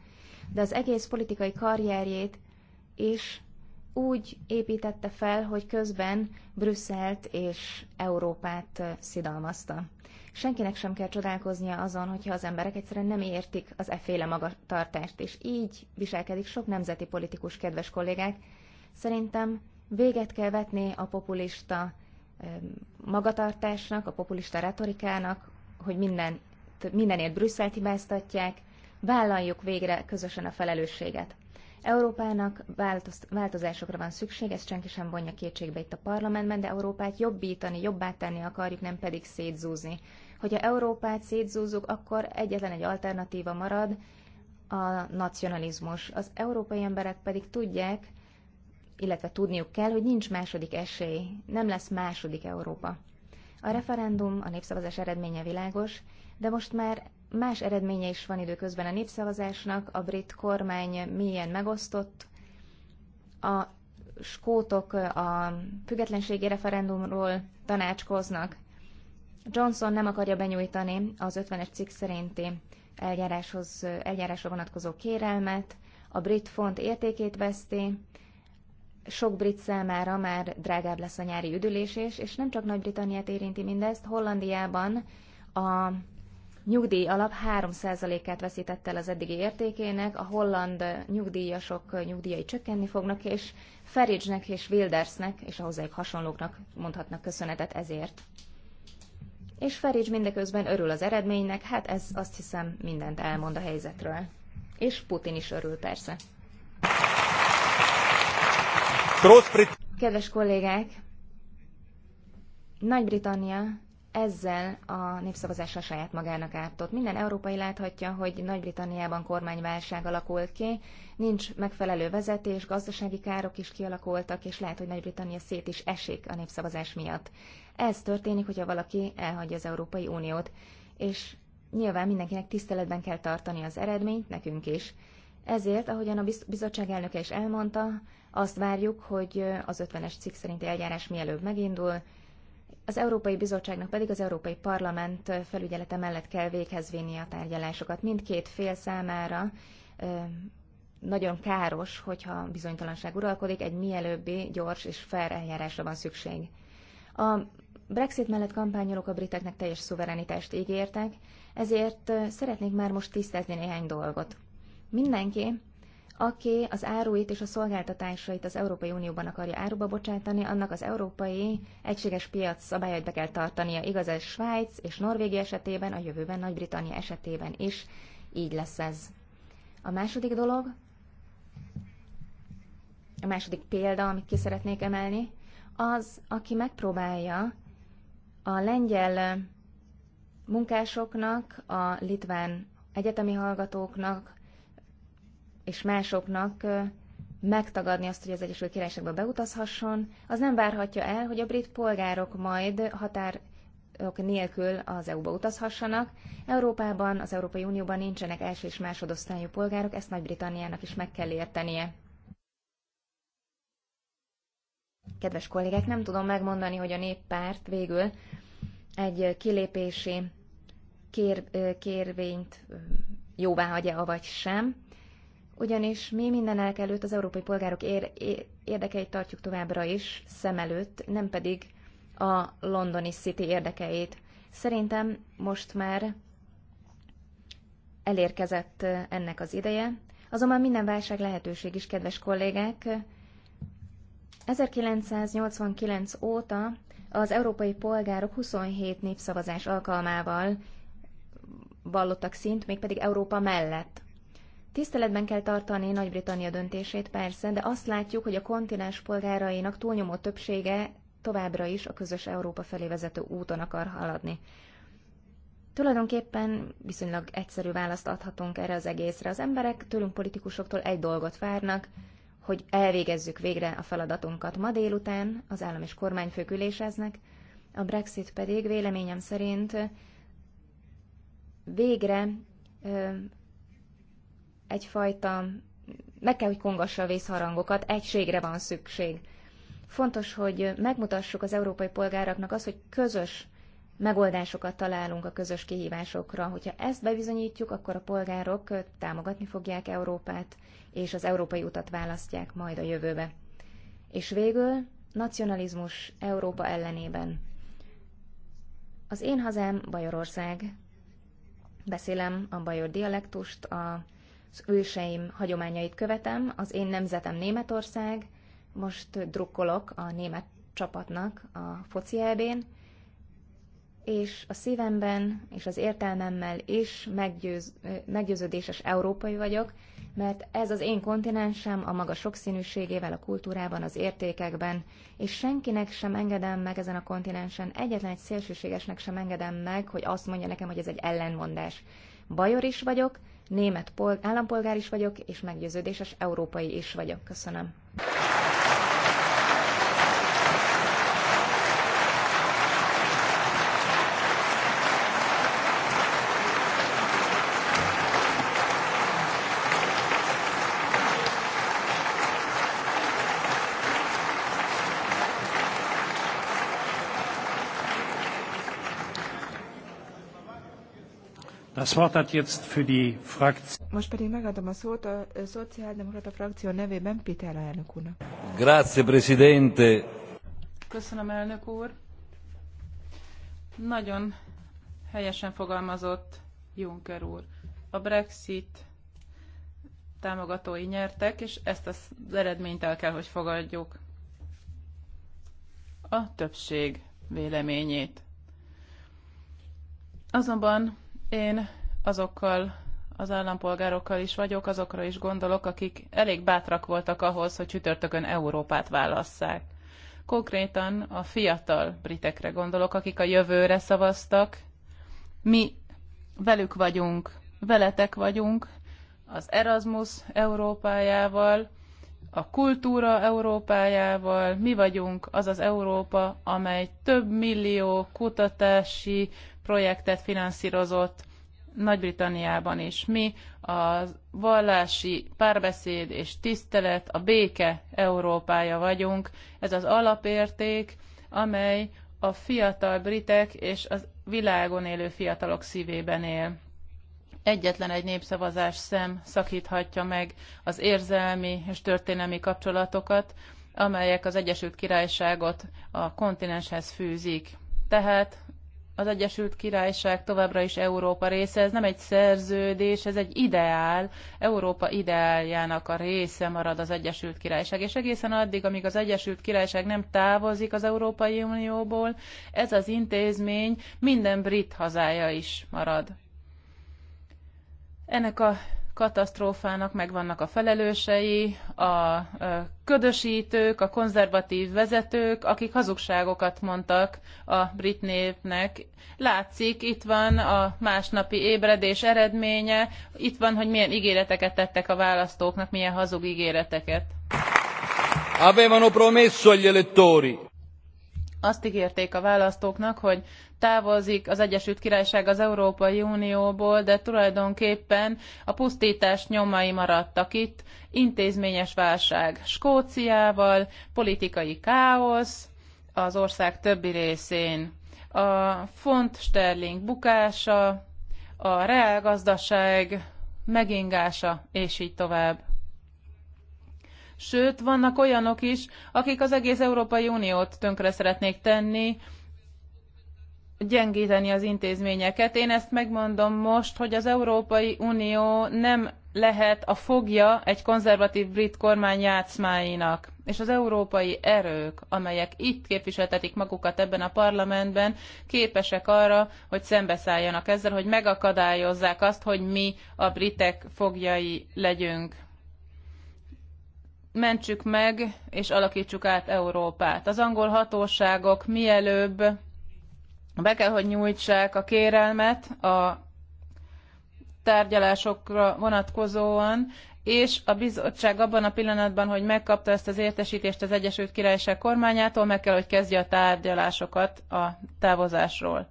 Speaker 1: De az egész politikai karrierjét is úgy építette fel, hogy közben Brüsszelt és Európát szidalmazta senkinek sem kell csodálkoznia azon, hogyha az emberek egyszerűen nem értik az eféle magatartást, és így viselkedik sok nemzeti politikus, kedves kollégák. Szerintem véget kell vetni a populista magatartásnak, a populista retorikának, hogy minden, mindenért Brüsszelt hibáztatják, vállaljuk végre közösen a felelősséget. Európának változ, változásokra van szükség, ezt senki sem vonja kétségbe itt a parlamentben, de Európát jobbítani, jobbá tenni akarjuk, nem pedig szétzúzni. Hogyha Európát szétzúzzuk, akkor egyetlen egy alternatíva marad, a nacionalizmus. Az európai emberek pedig tudják, illetve tudniuk kell, hogy nincs második esély, nem lesz második Európa. A referendum, a népszavazás eredménye világos, de most már más eredménye is van időközben a népszavazásnak, a brit kormány milyen megosztott, a skótok a függetlenségi referendumról tanácskoznak, Johnson nem akarja benyújtani az 50-es cikk szerinti eljáráshoz, eljárásra vonatkozó kérelmet, a brit font értékét veszti, sok brit számára már drágább lesz a nyári üdülés, és, és nem csak Nagy-Britanniát érinti mindezt, Hollandiában a nyugdíj alap 3%-át veszített el az eddigi értékének, a holland nyugdíjasok nyugdíjai csökkenni fognak, és Farage-nek és Wildersnek és a hozzájuk hasonlóknak mondhatnak köszönetet ezért és Ferics mindeközben örül az eredménynek, hát ez azt hiszem mindent elmond a helyzetről. És Putin is örül persze. Kedves kollégák, Nagy-Britannia ezzel a népszavazással saját magának ártott. Minden európai láthatja, hogy Nagy-Britanniában kormányválság alakult ki, nincs megfelelő vezetés, gazdasági károk is kialakultak, és lehet, hogy Nagy-Britannia szét is esik a népszavazás miatt. Ez történik, hogyha valaki elhagyja az Európai Uniót, és nyilván mindenkinek tiszteletben kell tartani az eredményt, nekünk is. Ezért, ahogyan a bizottság elnöke is elmondta, azt várjuk, hogy az 50-es cikk szerinti eljárás mielőbb megindul, az Európai Bizottságnak pedig az Európai Parlament felügyelete mellett kell véghez vinni a tárgyalásokat. Mindkét fél számára nagyon káros, hogyha bizonytalanság uralkodik, egy mielőbbi, gyors és fair eljárásra van szükség. A Brexit mellett kampányolók a briteknek teljes szuverenitást ígértek, ezért szeretnék már most tisztázni néhány dolgot. Mindenki, aki az áruit és a szolgáltatásait az Európai Unióban akarja áruba bocsátani, annak az európai egységes piac szabályait be kell tartania. Igaz ez Svájc és Norvégia esetében, a jövőben Nagy-Britannia esetében is. Így lesz ez. A második dolog, a második példa, amit ki szeretnék emelni, az, aki megpróbálja a lengyel munkásoknak, a litván egyetemi hallgatóknak, és másoknak megtagadni azt, hogy az Egyesült Királyságba beutazhasson, az nem várhatja el, hogy a brit polgárok majd határ nélkül az EU-ba utazhassanak. Európában, az Európai Unióban nincsenek első és másodosztályú polgárok, ezt Nagy-Britanniának is meg kell értenie. Kedves kollégák, nem tudom megmondani, hogy a néppárt végül egy kilépési kér, kérvényt jóvá hagyja, vagy sem ugyanis mi mindenek előtt az európai polgárok ér- érdekeit tartjuk továbbra is szem előtt, nem pedig a londoni City érdekeit. Szerintem most már elérkezett ennek az ideje, azonban minden válság lehetőség is, kedves kollégák. 1989 óta az európai polgárok 27 népszavazás alkalmával vallottak szint, mégpedig Európa mellett. Tiszteletben kell tartani Nagy-Britannia döntését persze, de azt látjuk, hogy a kontinens polgárainak túlnyomó többsége továbbra is a közös Európa felé vezető úton akar haladni. Tulajdonképpen viszonylag egyszerű választ adhatunk erre az egészre. Az emberek tőlünk politikusoktól egy dolgot várnak, hogy elvégezzük végre a feladatunkat. Ma délután az állam és kormányfők üléseznek, a Brexit pedig véleményem szerint végre egyfajta, meg kell, hogy kongassa a vészharangokat, egységre van szükség. Fontos, hogy megmutassuk az európai polgároknak azt, hogy közös megoldásokat találunk a közös kihívásokra. Hogyha ezt bebizonyítjuk, akkor a polgárok támogatni fogják Európát, és az európai utat választják majd a jövőbe. És végül nacionalizmus Európa ellenében. Az én hazám Bajorország. Beszélem a bajor dialektust, a az őseim hagyományait követem, az én nemzetem Németország, most drukkolok a német csapatnak a foci elbén, és a szívemben és az értelmemmel is meggyőz, meggyőződéses európai vagyok, mert ez az én kontinensem a maga sokszínűségével, a kultúrában, az értékekben, és senkinek sem engedem meg ezen a kontinensen, egyetlen egy szélsőségesnek sem engedem meg, hogy azt mondja nekem, hogy ez egy ellenmondás. Bajor is vagyok, német állampolgár is vagyok, és meggyőződéses európai is vagyok. Köszönöm.
Speaker 4: Das Wort hat jetzt für die
Speaker 3: Most pedig megadom a szót a Szociáldemokrata frakció nevében Pitella elnök úrnak.
Speaker 4: Grazie, Presidente.
Speaker 2: Köszönöm, elnök úr. Nagyon helyesen fogalmazott Juncker úr. A Brexit támogatói nyertek, és ezt az eredményt el kell, hogy fogadjuk. A többség véleményét. Azonban én azokkal az állampolgárokkal is vagyok, azokra is gondolok, akik elég bátrak voltak ahhoz, hogy csütörtökön Európát válasszák. Konkrétan a fiatal britekre gondolok, akik a jövőre szavaztak. Mi velük vagyunk, veletek vagyunk, az Erasmus Európájával, a kultúra Európájával, mi vagyunk az az Európa, amely több millió kutatási, projektet finanszírozott Nagy-Britanniában is. Mi a vallási párbeszéd és tisztelet, a béke Európája vagyunk. Ez az alapérték, amely a fiatal britek és a világon élő fiatalok szívében él egyetlen egy népszavazás sem szakíthatja meg az érzelmi és történelmi kapcsolatokat, amelyek az Egyesült Királyságot a kontinenshez fűzik. Tehát az Egyesült Királyság továbbra is Európa része, ez nem egy szerződés, ez egy ideál, Európa ideáljának a része marad az Egyesült Királyság, és egészen addig, amíg az Egyesült Királyság nem távozik az Európai Unióból, ez az intézmény minden brit hazája is marad. Ennek a katasztrófának megvannak a felelősei, a ködösítők, a konzervatív vezetők, akik hazugságokat mondtak a brit népnek. Látszik, itt van a másnapi ébredés eredménye, itt van, hogy milyen ígéreteket tettek a választóknak, milyen hazug ígéreteket.
Speaker 4: Avevano promesso agli elettori
Speaker 2: azt ígérték a választóknak, hogy távozik az Egyesült Királyság az Európai Unióból, de tulajdonképpen a pusztítás nyomai maradtak itt, intézményes válság Skóciával, politikai káosz az ország többi részén, a font sterling bukása, a reálgazdaság megingása, és így tovább sőt, vannak olyanok is, akik az egész Európai Uniót tönkre szeretnék tenni, gyengíteni az intézményeket. Én ezt megmondom most, hogy az Európai Unió nem lehet a fogja egy konzervatív brit kormány játszmáinak. És az európai erők, amelyek itt képviseltetik magukat ebben a parlamentben, képesek arra, hogy szembeszálljanak ezzel, hogy megakadályozzák azt, hogy mi a britek fogjai legyünk mentsük meg és alakítsuk át Európát. Az angol hatóságok mielőbb be kell, hogy nyújtsák a kérelmet a tárgyalásokra vonatkozóan, és a bizottság abban a pillanatban, hogy megkapta ezt az értesítést az Egyesült Királyság kormányától, meg kell, hogy kezdje a tárgyalásokat a távozásról.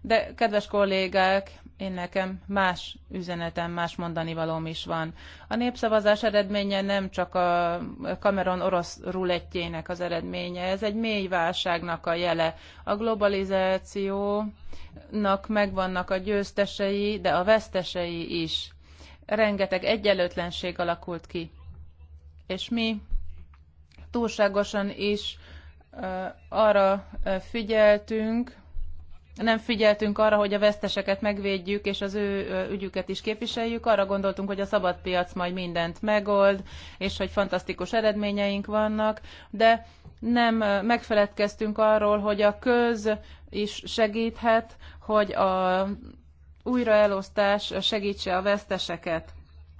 Speaker 2: De, kedves kollégák, én nekem más üzenetem, más mondani valóm is van. A népszavazás eredménye nem csak a Cameron orosz rulettjének az eredménye, ez egy mély válságnak a jele. A globalizációnak megvannak a győztesei, de a vesztesei is. Rengeteg egyenlőtlenség alakult ki. És mi túlságosan is arra figyeltünk, nem figyeltünk arra, hogy a veszteseket megvédjük, és az ő ügyüket is képviseljük. Arra gondoltunk, hogy a szabad piac majd mindent megold, és hogy fantasztikus eredményeink vannak, de nem megfeledkeztünk arról, hogy a köz is segíthet, hogy a újraelosztás segítse a veszteseket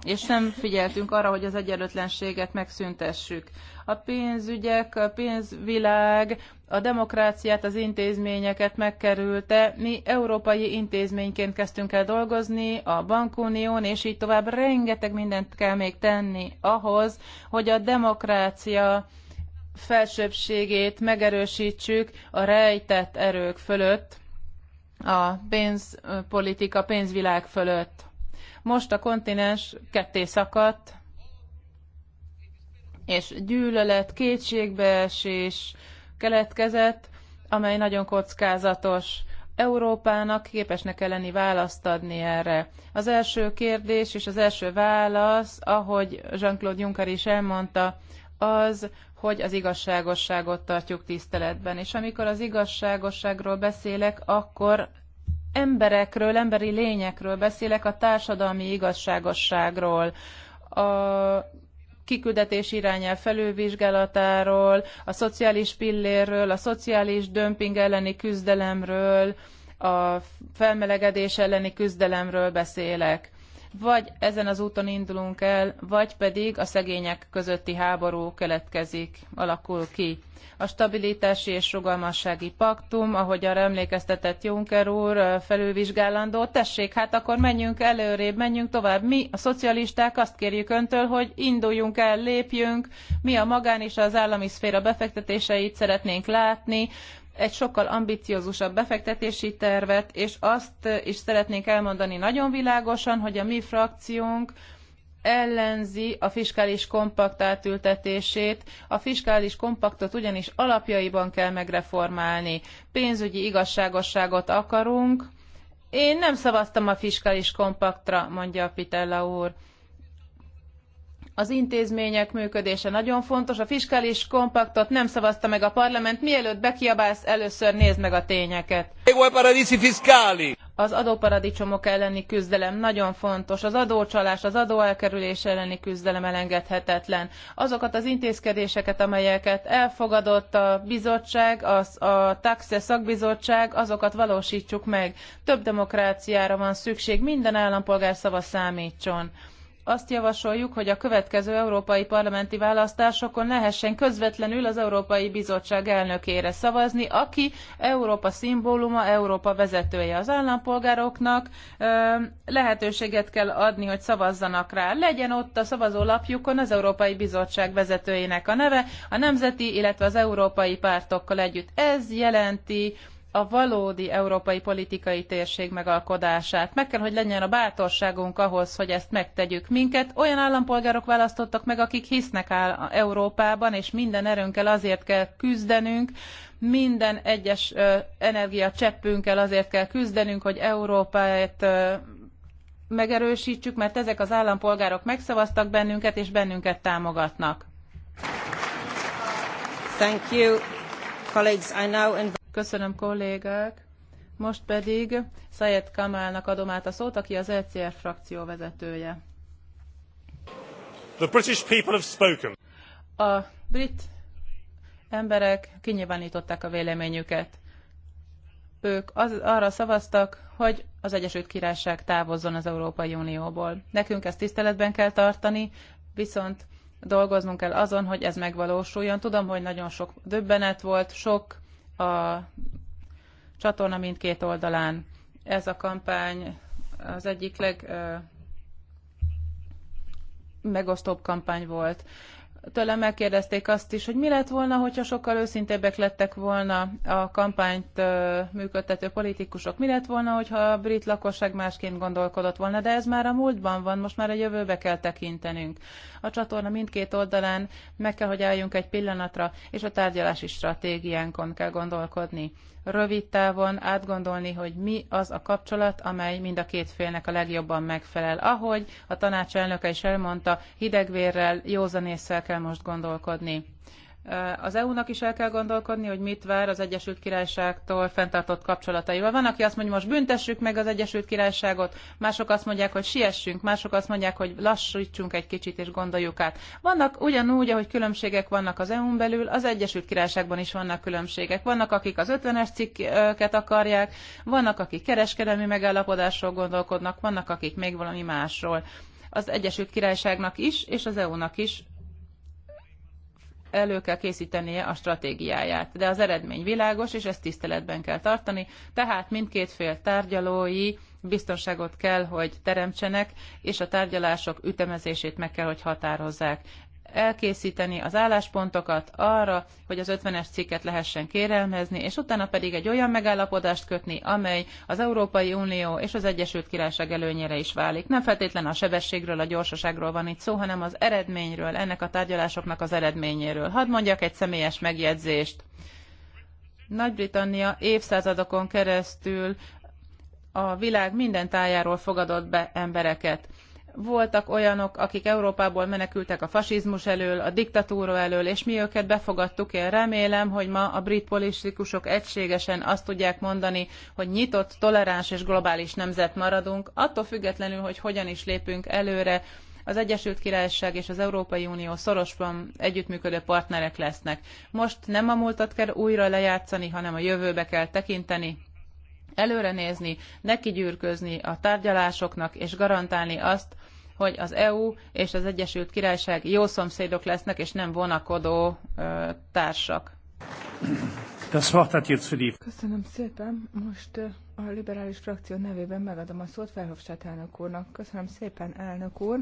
Speaker 2: és nem figyeltünk arra, hogy az egyenlőtlenséget megszüntessük. A pénzügyek, a pénzvilág a demokráciát, az intézményeket megkerülte. Mi európai intézményként kezdtünk el dolgozni, a bankunión, és így tovább rengeteg mindent kell még tenni ahhoz, hogy a demokrácia felsőbbségét megerősítsük a rejtett erők fölött, a pénzpolitika, pénzvilág fölött most a kontinens ketté szakadt, és gyűlölet, kétségbeesés keletkezett, amely nagyon kockázatos. Európának képesnek kell lenni választ adni erre. Az első kérdés és az első válasz, ahogy Jean-Claude Juncker is elmondta, az, hogy az igazságosságot tartjuk tiszteletben. És amikor az igazságosságról beszélek, akkor emberekről, emberi lényekről beszélek, a társadalmi igazságosságról, a kiküldetés irányel felülvizsgálatáról, a szociális pillérről, a szociális dömping elleni küzdelemről, a felmelegedés elleni küzdelemről beszélek. Vagy ezen az úton indulunk el, vagy pedig a szegények közötti háború keletkezik, alakul ki. A stabilitási és rugalmassági paktum, ahogy arra emlékeztetett Juncker úr, felülvizsgálandó, tessék, hát akkor menjünk előrébb, menjünk tovább. Mi, a szocialisták azt kérjük öntől, hogy induljunk el, lépjünk, mi a magán és az állami szféra befektetéseit szeretnénk látni, egy sokkal ambiciózusabb befektetési tervet, és azt is szeretnénk elmondani nagyon világosan, hogy a mi frakciónk ellenzi a fiskális kompakt átültetését. A fiskális kompaktot ugyanis alapjaiban kell megreformálni. Pénzügyi igazságosságot akarunk. Én nem szavaztam a fiskális kompaktra, mondja Pitella úr az intézmények működése nagyon fontos. A fiskális kompaktot nem szavazta meg a parlament. Mielőtt bekiabálsz, először nézd meg a tényeket. Az adóparadicsomok elleni küzdelem nagyon fontos, az adócsalás, az adóelkerülés elleni küzdelem elengedhetetlen. Azokat az intézkedéseket, amelyeket elfogadott a bizottság, az, a taxe szakbizottság, azokat valósítsuk meg. Több demokráciára van szükség, minden állampolgár szava számítson azt javasoljuk, hogy a következő európai parlamenti választásokon lehessen közvetlenül az Európai Bizottság elnökére szavazni, aki Európa szimbóluma, Európa vezetője az állampolgároknak. Lehetőséget kell adni, hogy szavazzanak rá. Legyen ott a szavazólapjukon az Európai Bizottság vezetőjének a neve, a nemzeti, illetve az európai pártokkal együtt. Ez jelenti, a valódi európai politikai térség megalkodását. Meg kell, hogy legyen a bátorságunk ahhoz, hogy ezt megtegyük. Minket olyan állampolgárok választottak meg, akik hisznek áll Európában, és minden erőnkkel azért kell küzdenünk, minden egyes energiacseppünkkel azért kell küzdenünk, hogy Európát ö, megerősítsük, mert ezek az állampolgárok megszavaztak bennünket, és bennünket támogatnak. Thank you. Colleagues, I now invite... Köszönöm kollégák. Most pedig Sayed Kamálnak adom át a szót, aki az ECR frakció vezetője.
Speaker 4: The British people have spoken.
Speaker 2: A brit emberek kinyilvánították a véleményüket. Ők az, arra szavaztak, hogy az Egyesült Királyság távozzon az Európai Unióból. Nekünk ezt tiszteletben kell tartani, viszont dolgoznunk kell azon, hogy ez megvalósuljon. Tudom, hogy nagyon sok döbbenet volt, sok a csatorna mindkét oldalán. Ez a kampány az egyik leg megosztóbb kampány volt tőlem megkérdezték azt is, hogy mi lett volna, hogyha sokkal őszintébbek lettek volna a kampányt működtető politikusok. Mi lett volna, hogyha a brit lakosság másként gondolkodott volna, de ez már a múltban van, most már a jövőbe kell tekintenünk. A csatorna mindkét oldalán meg kell, hogy álljunk egy pillanatra, és a tárgyalási stratégiánkon kell gondolkodni. Rövid távon átgondolni, hogy mi az a kapcsolat, amely mind a két félnek a legjobban megfelel. Ahogy a tanács elnöke is elmondta, hidegvérrel, józanésszel kell kell most gondolkodni. Az EU-nak is el kell gondolkodni, hogy mit vár az Egyesült Királyságtól fenntartott kapcsolataival. Van, aki azt mondja, most büntessük meg az Egyesült Királyságot, mások azt mondják, hogy siessünk, mások azt mondják, hogy lassítsunk egy kicsit és gondoljuk át. Vannak ugyanúgy, ahogy különbségek vannak az EU-n belül, az Egyesült Királyságban is vannak különbségek. Vannak, akik az 50-es cikket akarják, vannak, akik kereskedelmi megállapodásról gondolkodnak, vannak, akik még valami másról. Az Egyesült Királyságnak is és az EU-nak is elő kell készítenie a stratégiáját. De az eredmény világos, és ezt tiszteletben kell tartani, tehát mindkét fél tárgyalói biztonságot kell, hogy teremtsenek, és a tárgyalások ütemezését meg kell, hogy határozzák elkészíteni az álláspontokat arra, hogy az 50-es cikket lehessen kérelmezni, és utána pedig egy olyan megállapodást kötni, amely az Európai Unió és az Egyesült Királyság előnyére is válik. Nem feltétlen a sebességről, a gyorsaságról van itt szó, hanem az eredményről, ennek a tárgyalásoknak az eredményéről. Hadd mondjak egy személyes megjegyzést. Nagy-Britannia évszázadokon keresztül a világ minden tájáról fogadott be embereket voltak olyanok, akik Európából menekültek a fasizmus elől, a diktatúra elől, és mi őket befogadtuk. Én remélem, hogy ma a brit politikusok egységesen azt tudják mondani, hogy nyitott, toleráns és globális nemzet maradunk, attól függetlenül, hogy hogyan is lépünk előre, az Egyesült Királyság és az Európai Unió szorosban együttműködő partnerek lesznek. Most nem a múltat kell újra lejátszani, hanem a jövőbe kell tekinteni, előre nézni, neki gyűrközni a tárgyalásoknak, és garantálni azt, hogy az EU és az Egyesült Királyság jó szomszédok lesznek, és nem vonakodó ö, társak.
Speaker 4: Das Wort hat jetzt für die...
Speaker 3: Köszönöm szépen. Most a liberális frakció nevében megadom a szót Felhofstadt elnök úrnak. Köszönöm szépen, elnök úr.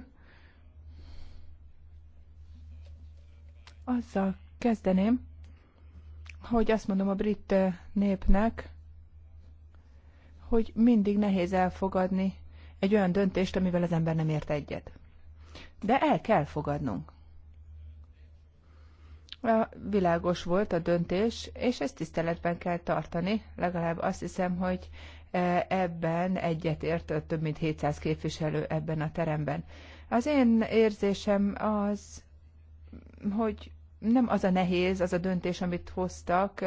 Speaker 3: Azzal kezdeném, hogy azt mondom a brit népnek, hogy mindig nehéz elfogadni egy olyan döntést, amivel az ember nem ért egyet. De el kell fogadnunk. A világos volt a döntés, és ezt tiszteletben kell tartani. Legalább azt hiszem, hogy e, ebben ért több mint 700 képviselő ebben a teremben. Az én érzésem az, hogy nem az a nehéz, az a döntés, amit hoztak,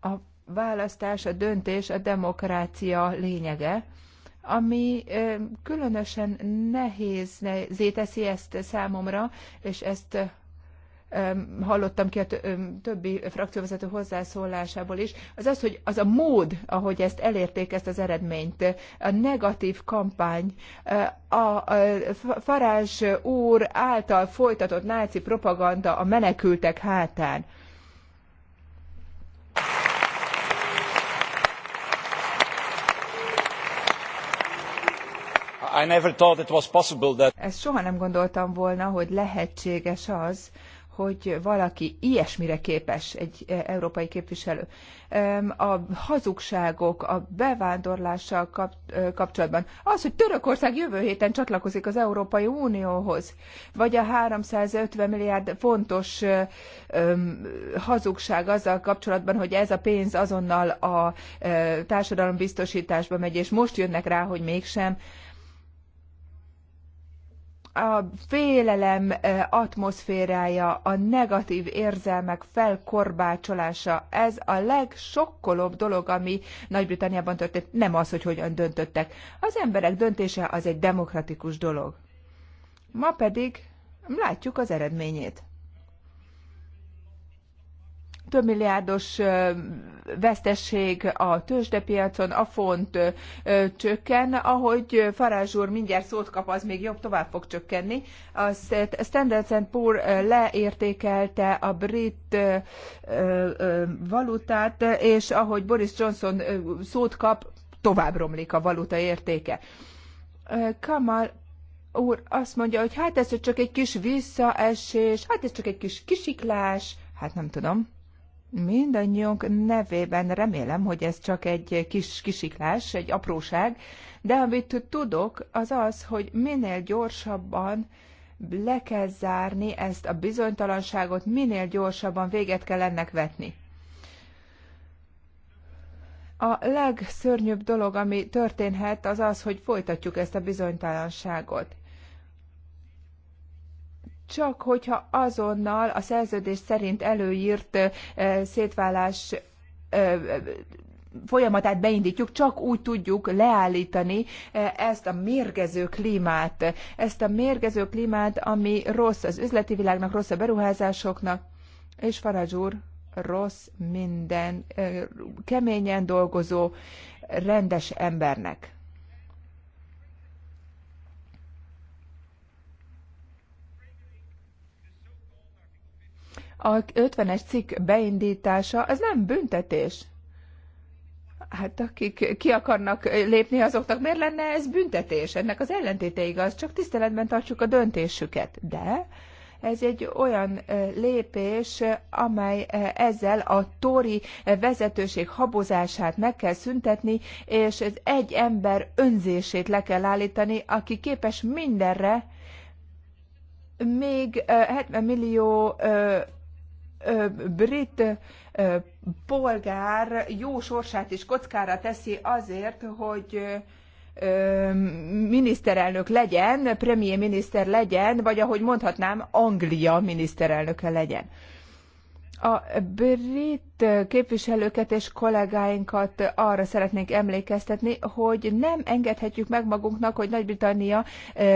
Speaker 3: a választás, a döntés, a demokrácia lényege, ami különösen nehézé teszi ezt számomra, és ezt hallottam ki a többi frakcióvezető hozzászólásából is, az az, hogy az a mód, ahogy ezt elérték, ezt az eredményt, a negatív kampány, a Farázs úr által folytatott náci propaganda a menekültek hátán.
Speaker 4: I never thought it was possible that...
Speaker 3: Ezt soha nem gondoltam volna, hogy lehetséges az, hogy valaki ilyesmire képes egy e, európai képviselő. A hazugságok, a bevándorlással kapcsolatban, az, hogy Törökország jövő héten csatlakozik az Európai Unióhoz, vagy a 350 milliárd fontos hazugság azzal kapcsolatban, hogy ez a pénz azonnal a társadalombiztosításba megy, és most jönnek rá, hogy mégsem a félelem atmoszférája, a negatív érzelmek felkorbácsolása, ez a legsokkolóbb dolog, ami Nagy-Britanniában történt, nem az, hogy hogyan döntöttek. Az emberek döntése az egy demokratikus dolog. Ma pedig látjuk az eredményét több milliárdos vesztesség a tőzsdepiacon, a font csökken, ahogy Farázs úr mindjárt szót kap, az még jobb, tovább fog csökkenni. A Standard Poor leértékelte a brit valutát, és ahogy Boris Johnson szót kap, tovább romlik a valuta értéke. Kamal úr azt mondja, hogy hát ez csak egy kis visszaesés, hát ez csak egy kis kisiklás, hát nem tudom mindannyiunk nevében remélem, hogy ez csak egy kis kisiklás, egy apróság, de amit tudok, az az, hogy minél gyorsabban le kell zárni ezt a bizonytalanságot, minél gyorsabban véget kell ennek vetni. A legszörnyűbb dolog, ami történhet, az az, hogy folytatjuk ezt a bizonytalanságot csak hogyha azonnal a szerződés szerint előírt szétválás folyamatát beindítjuk, csak úgy tudjuk leállítani ezt a mérgező klímát, ezt a mérgező klímát, ami rossz az üzleti világnak, rossz a beruházásoknak, és Farage úr, rossz minden keményen dolgozó, rendes embernek. a 50-es cikk beindítása, az nem büntetés. Hát akik ki akarnak lépni, azoknak miért lenne ez büntetés? Ennek az ellentéte igaz, csak tiszteletben tartsuk a döntésüket. De ez egy olyan lépés, amely ezzel a tori vezetőség habozását meg kell szüntetni, és ez egy ember önzését le kell állítani, aki képes mindenre, még 70 millió brit polgár jó sorsát is kockára teszi azért, hogy miniszterelnök legyen, premier miniszter legyen, vagy ahogy mondhatnám, Anglia miniszterelnöke legyen. A brit képviselőket és kollégáinkat arra szeretnénk emlékeztetni, hogy nem engedhetjük meg magunknak, hogy Nagy-Britannia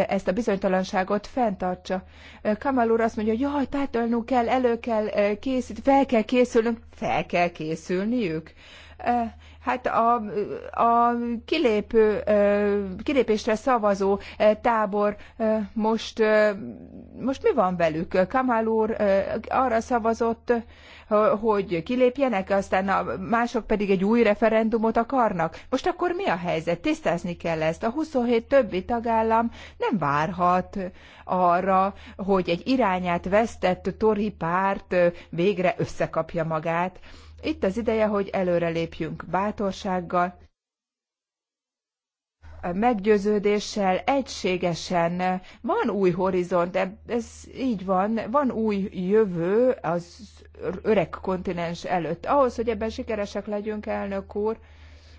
Speaker 3: ezt a bizonytalanságot fenntartsa. Kamal úr azt mondja, hogy jaj, tátolnunk kell, elő kell készíteni, fel kell készülnünk, fel kell készülniük. Hát a, a kilépő, kilépésre szavazó tábor most, most mi van velük? Kamal úr arra szavazott, hogy kilépjenek, aztán a mások pedig egy új referendumot akarnak. Most akkor mi a helyzet? Tisztázni kell ezt. A 27 többi tagállam nem várhat arra, hogy egy irányát vesztett Tori párt végre összekapja magát. Itt az ideje, hogy előrelépjünk bátorsággal, meggyőződéssel, egységesen. Van új horizont, ez így van, van új jövő az öreg kontinens előtt. Ahhoz, hogy ebben sikeresek legyünk, elnök úr,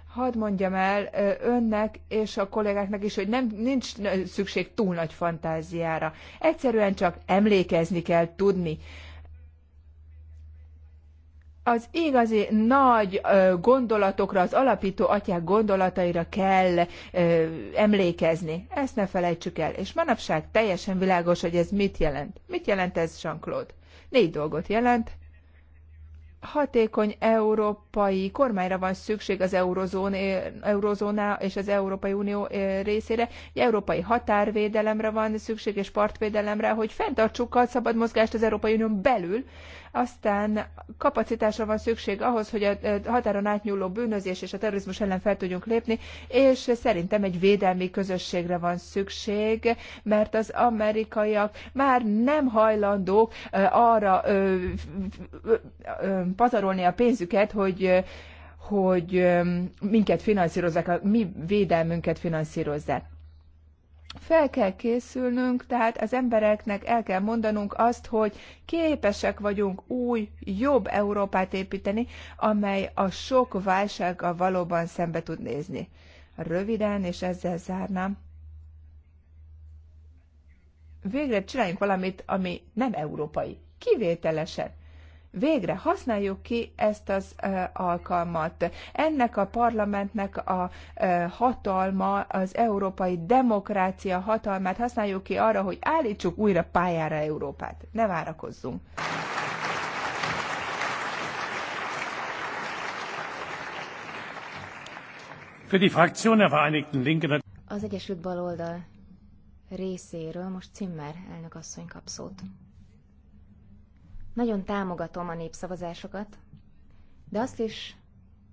Speaker 3: hadd mondjam el önnek és a kollégáknak is, hogy nem, nincs szükség túl nagy fantáziára. Egyszerűen csak emlékezni kell tudni az igazi nagy gondolatokra, az alapító atyák gondolataira kell emlékezni. Ezt ne felejtsük el. És manapság teljesen világos, hogy ez mit jelent. Mit jelent ez, Jean-Claude? Négy dolgot jelent. Hatékony európai kormányra van szükség az eurozón, eurozóná és az Európai Unió részére. Egy európai határvédelemre van szükség és partvédelemre, hogy fenntartsuk a szabad mozgást az Európai Unión belül, aztán kapacitásra van szükség ahhoz, hogy a határon átnyúló bűnözés és a terrorizmus ellen fel tudjunk lépni, és szerintem egy védelmi közösségre van szükség, mert az amerikaiak már nem hajlandók arra pazarolni a pénzüket, hogy hogy minket finanszírozzák, a mi védelmünket finanszírozzák fel kell készülnünk, tehát az embereknek el kell mondanunk azt, hogy képesek vagyunk új, jobb Európát építeni, amely a sok válsággal valóban szembe tud nézni. Röviden, és ezzel zárnám. Végre csináljunk valamit, ami nem európai. Kivételesen. Végre használjuk ki ezt az alkalmat. Ennek a parlamentnek a hatalma, az európai demokrácia hatalmát használjuk ki arra, hogy állítsuk újra pályára Európát. Ne várakozzunk!
Speaker 1: Az Egyesült Baloldal részéről most Zimmer elnök asszony kap szót. Nagyon támogatom a népszavazásokat, de azt is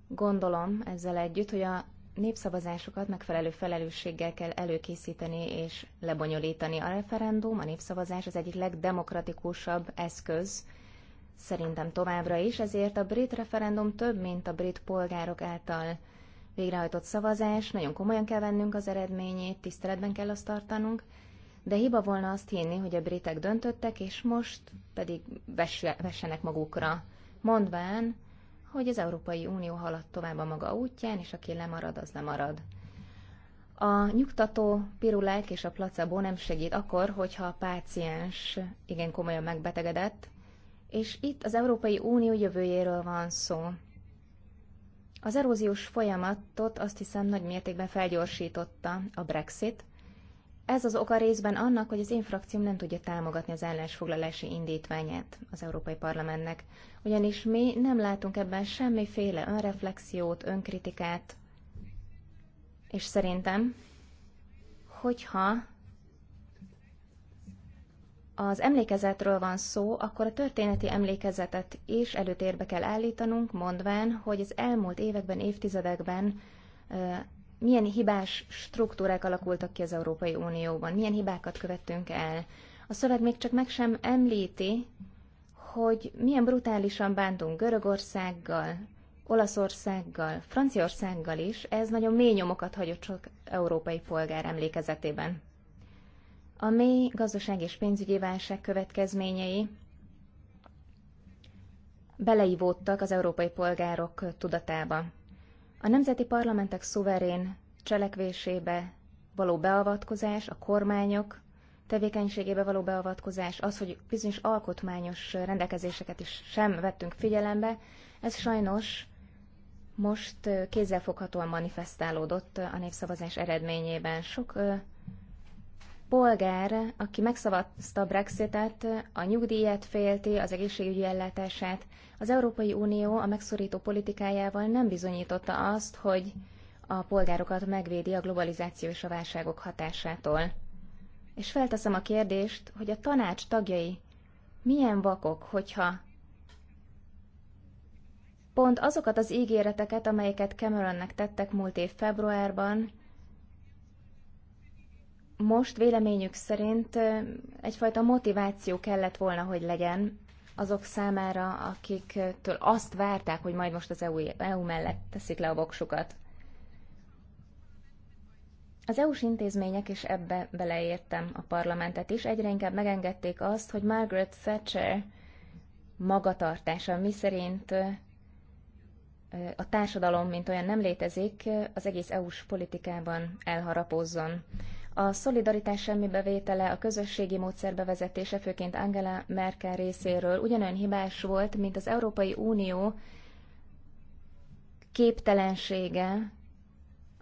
Speaker 1: gondolom ezzel együtt, hogy a népszavazásokat megfelelő felelősséggel kell előkészíteni és lebonyolítani. A referendum, a népszavazás az egyik legdemokratikusabb eszköz, szerintem továbbra is, ezért a brit referendum több, mint a brit polgárok által végrehajtott szavazás, nagyon komolyan kell vennünk az eredményét, tiszteletben kell azt tartanunk, de hiba volna azt hinni, hogy a britek döntöttek, és most pedig vessenek magukra, mondván, hogy az Európai Unió halad tovább a maga útján, és aki lemarad, az lemarad. A nyugtató pirulák és a placebo nem segít akkor, hogyha a páciens igen komolyan megbetegedett, és itt az Európai Unió jövőjéről van szó. Az eróziós folyamatot azt hiszem nagy mértékben felgyorsította a Brexit, ez az oka részben annak, hogy az én frakcióm nem tudja támogatni az állásfoglalási indítványát az Európai Parlamentnek, ugyanis mi nem látunk ebben semmiféle önreflexiót, önkritikát, és szerintem, hogyha az emlékezetről van szó, akkor a történeti emlékezetet is előtérbe kell állítanunk, mondván, hogy az elmúlt években, évtizedekben milyen hibás struktúrák alakultak ki az Európai Unióban, milyen hibákat követtünk el. A szöveg még csak meg sem említi, hogy milyen brutálisan bántunk Görögországgal, Olaszországgal, Franciaországgal is, ez nagyon mély nyomokat hagyott sok európai polgár emlékezetében. A mély gazdaság és pénzügyi válság következményei beleivódtak az európai polgárok tudatába. A nemzeti parlamentek szuverén cselekvésébe való beavatkozás, a kormányok tevékenységébe való beavatkozás, az, hogy bizonyos alkotmányos rendelkezéseket is sem vettünk figyelembe, ez sajnos most kézzelfoghatóan manifestálódott a népszavazás eredményében. Sok polgár, aki megszavazta Brexitet, a nyugdíját félti, az egészségügyi ellátását. Az Európai Unió a megszorító politikájával nem bizonyította azt, hogy a polgárokat megvédi a globalizáció és a válságok hatásától. És felteszem a kérdést, hogy a tanács tagjai milyen vakok, hogyha pont azokat az ígéreteket, amelyeket Cameronnek tettek múlt év februárban, most véleményük szerint egyfajta motiváció kellett volna, hogy legyen azok számára, akiktől azt várták, hogy majd most az EU, EU mellett teszik le a voksukat. Az EU-s intézmények, és ebbe beleértem a parlamentet is, egyre inkább megengedték azt, hogy Margaret Thatcher magatartása, miszerint a társadalom, mint olyan nem létezik, az egész EU-s politikában elharapozzon. A szolidaritás semmi bevétele, a közösségi módszer bevezetése, főként Angela Merkel részéről ugyanolyan hibás volt, mint az Európai Unió képtelensége,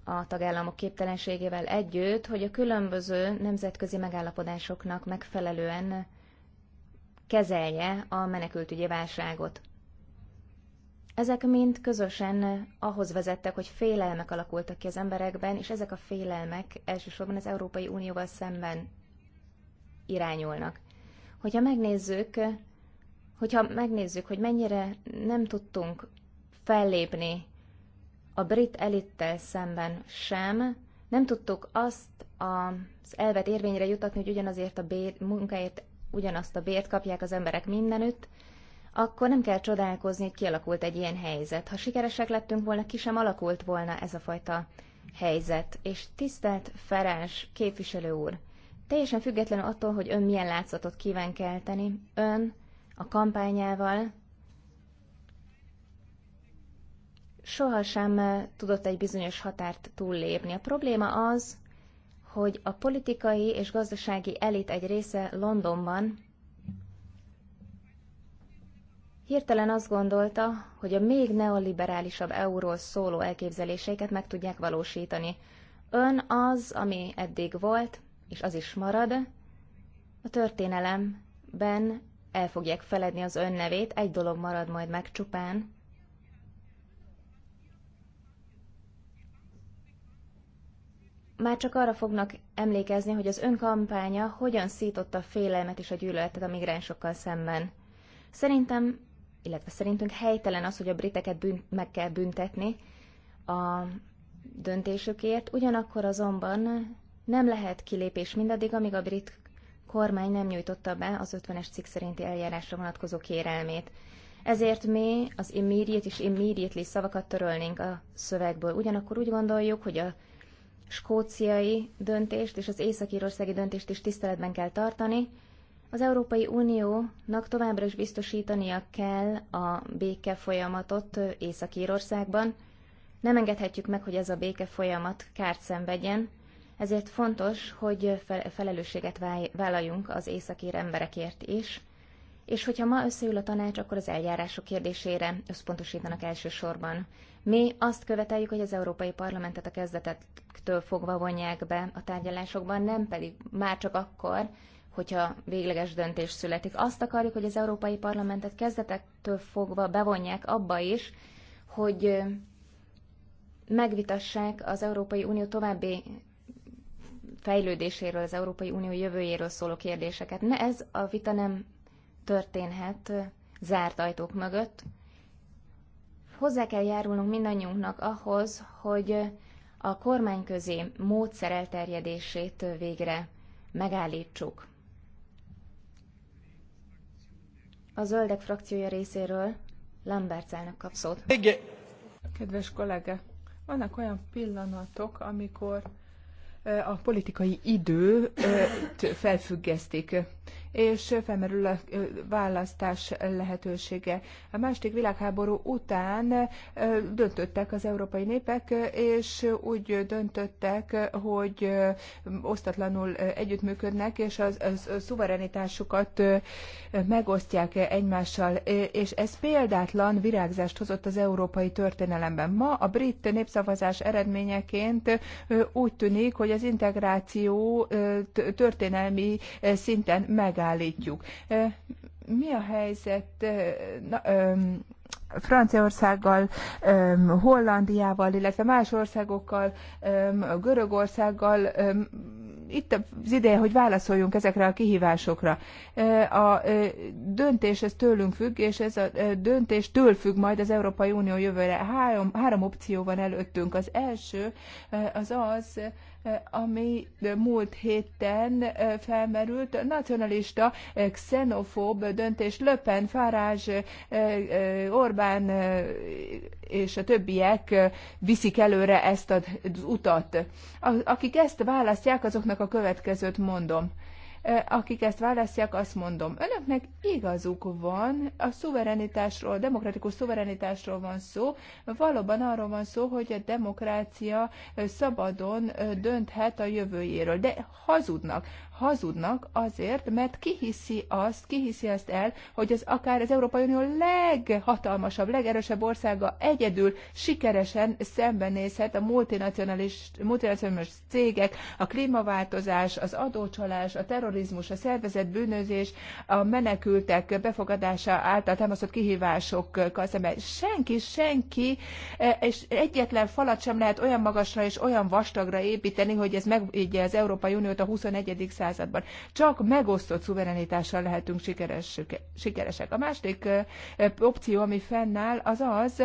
Speaker 1: a tagállamok képtelenségével együtt, hogy a különböző nemzetközi megállapodásoknak megfelelően kezelje a menekültügyi válságot. Ezek mind közösen ahhoz vezettek, hogy félelmek alakultak ki az emberekben, és ezek a félelmek elsősorban az Európai Unióval szemben irányulnak. Hogyha megnézzük, hogyha megnézzük, hogy mennyire nem tudtunk fellépni a brit elittel szemben sem, nem tudtuk azt az elvet érvényre jutatni, hogy ugyanazért a bér, munkáért ugyanazt a bért kapják az emberek mindenütt, akkor nem kell csodálkozni, hogy kialakult egy ilyen helyzet. Ha sikeresek lettünk volna, ki sem alakult volna ez a fajta helyzet. És tisztelt Ferenc képviselő úr, teljesen függetlenül attól, hogy ön milyen látszatot kíván kelteni, ön a kampányával sohasem eh, tudott egy bizonyos határt túllépni. A probléma az, hogy a politikai és gazdasági elit egy része Londonban Hirtelen azt gondolta, hogy a még neoliberálisabb euróról szóló elképzeléseiket meg tudják valósítani. Ön az, ami eddig volt, és az is marad, a történelemben el fogják feledni az ön nevét, egy dolog marad majd meg csupán. Már csak arra fognak emlékezni, hogy az ön kampánya hogyan szította a félelmet és a gyűlöletet a migránsokkal szemben. Szerintem illetve szerintünk helytelen az, hogy a briteket bűn, meg kell büntetni a döntésükért, ugyanakkor azonban nem lehet kilépés mindaddig, amíg a brit kormány nem nyújtotta be az 50-es cikk szerinti eljárásra vonatkozó kérelmét. Ezért mi az immediate és immediately szavakat törölnénk a szövegből. Ugyanakkor úgy gondoljuk, hogy a skóciai döntést és az északírországi döntést is tiszteletben kell tartani, az Európai Uniónak továbbra is biztosítania kell a béke folyamatot Észak-Írországban. Nem engedhetjük meg, hogy ez a béke folyamat kárt szenvedjen, ezért fontos, hogy felelősséget vállaljunk az északír emberekért is, és hogyha ma összeül a tanács, akkor az eljárások kérdésére összpontosítanak elsősorban. Mi azt követeljük, hogy az Európai Parlamentet a kezdetektől fogva vonják be a tárgyalásokban, nem pedig már csak akkor, hogyha végleges döntés születik. Azt akarjuk, hogy az Európai Parlamentet kezdetektől fogva bevonják abba is, hogy megvitassák az Európai Unió további fejlődéséről, az Európai Unió jövőjéről szóló kérdéseket. Ne ez a vita nem történhet zárt ajtók mögött. Hozzá kell járulnunk mindannyiunknak ahhoz, hogy a kormányközi módszer elterjedését végre megállítsuk. A zöldek frakciója részéről Lambert elnök kap szót. Kedves kollega,
Speaker 3: vannak olyan pillanatok, amikor a politikai időt felfüggesztik és felmerül a választás lehetősége. A második világháború után döntöttek az európai népek, és úgy döntöttek, hogy osztatlanul együttműködnek, és az, az, szuverenitásukat megosztják egymással, és ez példátlan virágzást hozott az európai történelemben. Ma a brit népszavazás eredményeként úgy tűnik, hogy az integráció történelmi szinten meg megállítjuk. Mi a helyzet na, öm, Franciaországgal, öm, Hollandiával, illetve más országokkal, öm, Görögországgal? Öm, itt az ideje, hogy válaszoljunk ezekre a kihívásokra. A döntés ez tőlünk függ, és ez a döntés től függ majd az Európai Unió jövőre. Három, három opció van előttünk. Az első az az, ami múlt héten felmerült, nacionalista, xenofób döntés Löpen, Farázs, Orbán és a többiek viszik előre ezt az utat. Akik ezt választják, azoknak a következőt mondom akik ezt választják, azt mondom, önöknek igazuk van, a szuverenitásról, a demokratikus szuverenitásról van szó, valóban arról van szó, hogy a demokrácia szabadon dönthet a jövőjéről, de hazudnak hazudnak azért, mert kihiszi azt, kihiszi ezt el, hogy az akár az Európai Unió leghatalmasabb, legerősebb országa egyedül sikeresen szembenézhet a multinacionális, multinacionális cégek, a klímaváltozás, az adócsalás, a terrorizmus, a szervezett bűnözés, a menekültek befogadása által támasztott kihívásokkal szemben. Senki, senki, e, és egyetlen falat sem lehet olyan magasra és olyan vastagra építeni, hogy ez megvédje az Európai Uniót a 21. század kockázatban. Csak megosztott szuverenitással lehetünk sikeres, sikeresek. A második opció, ami fennáll, az az,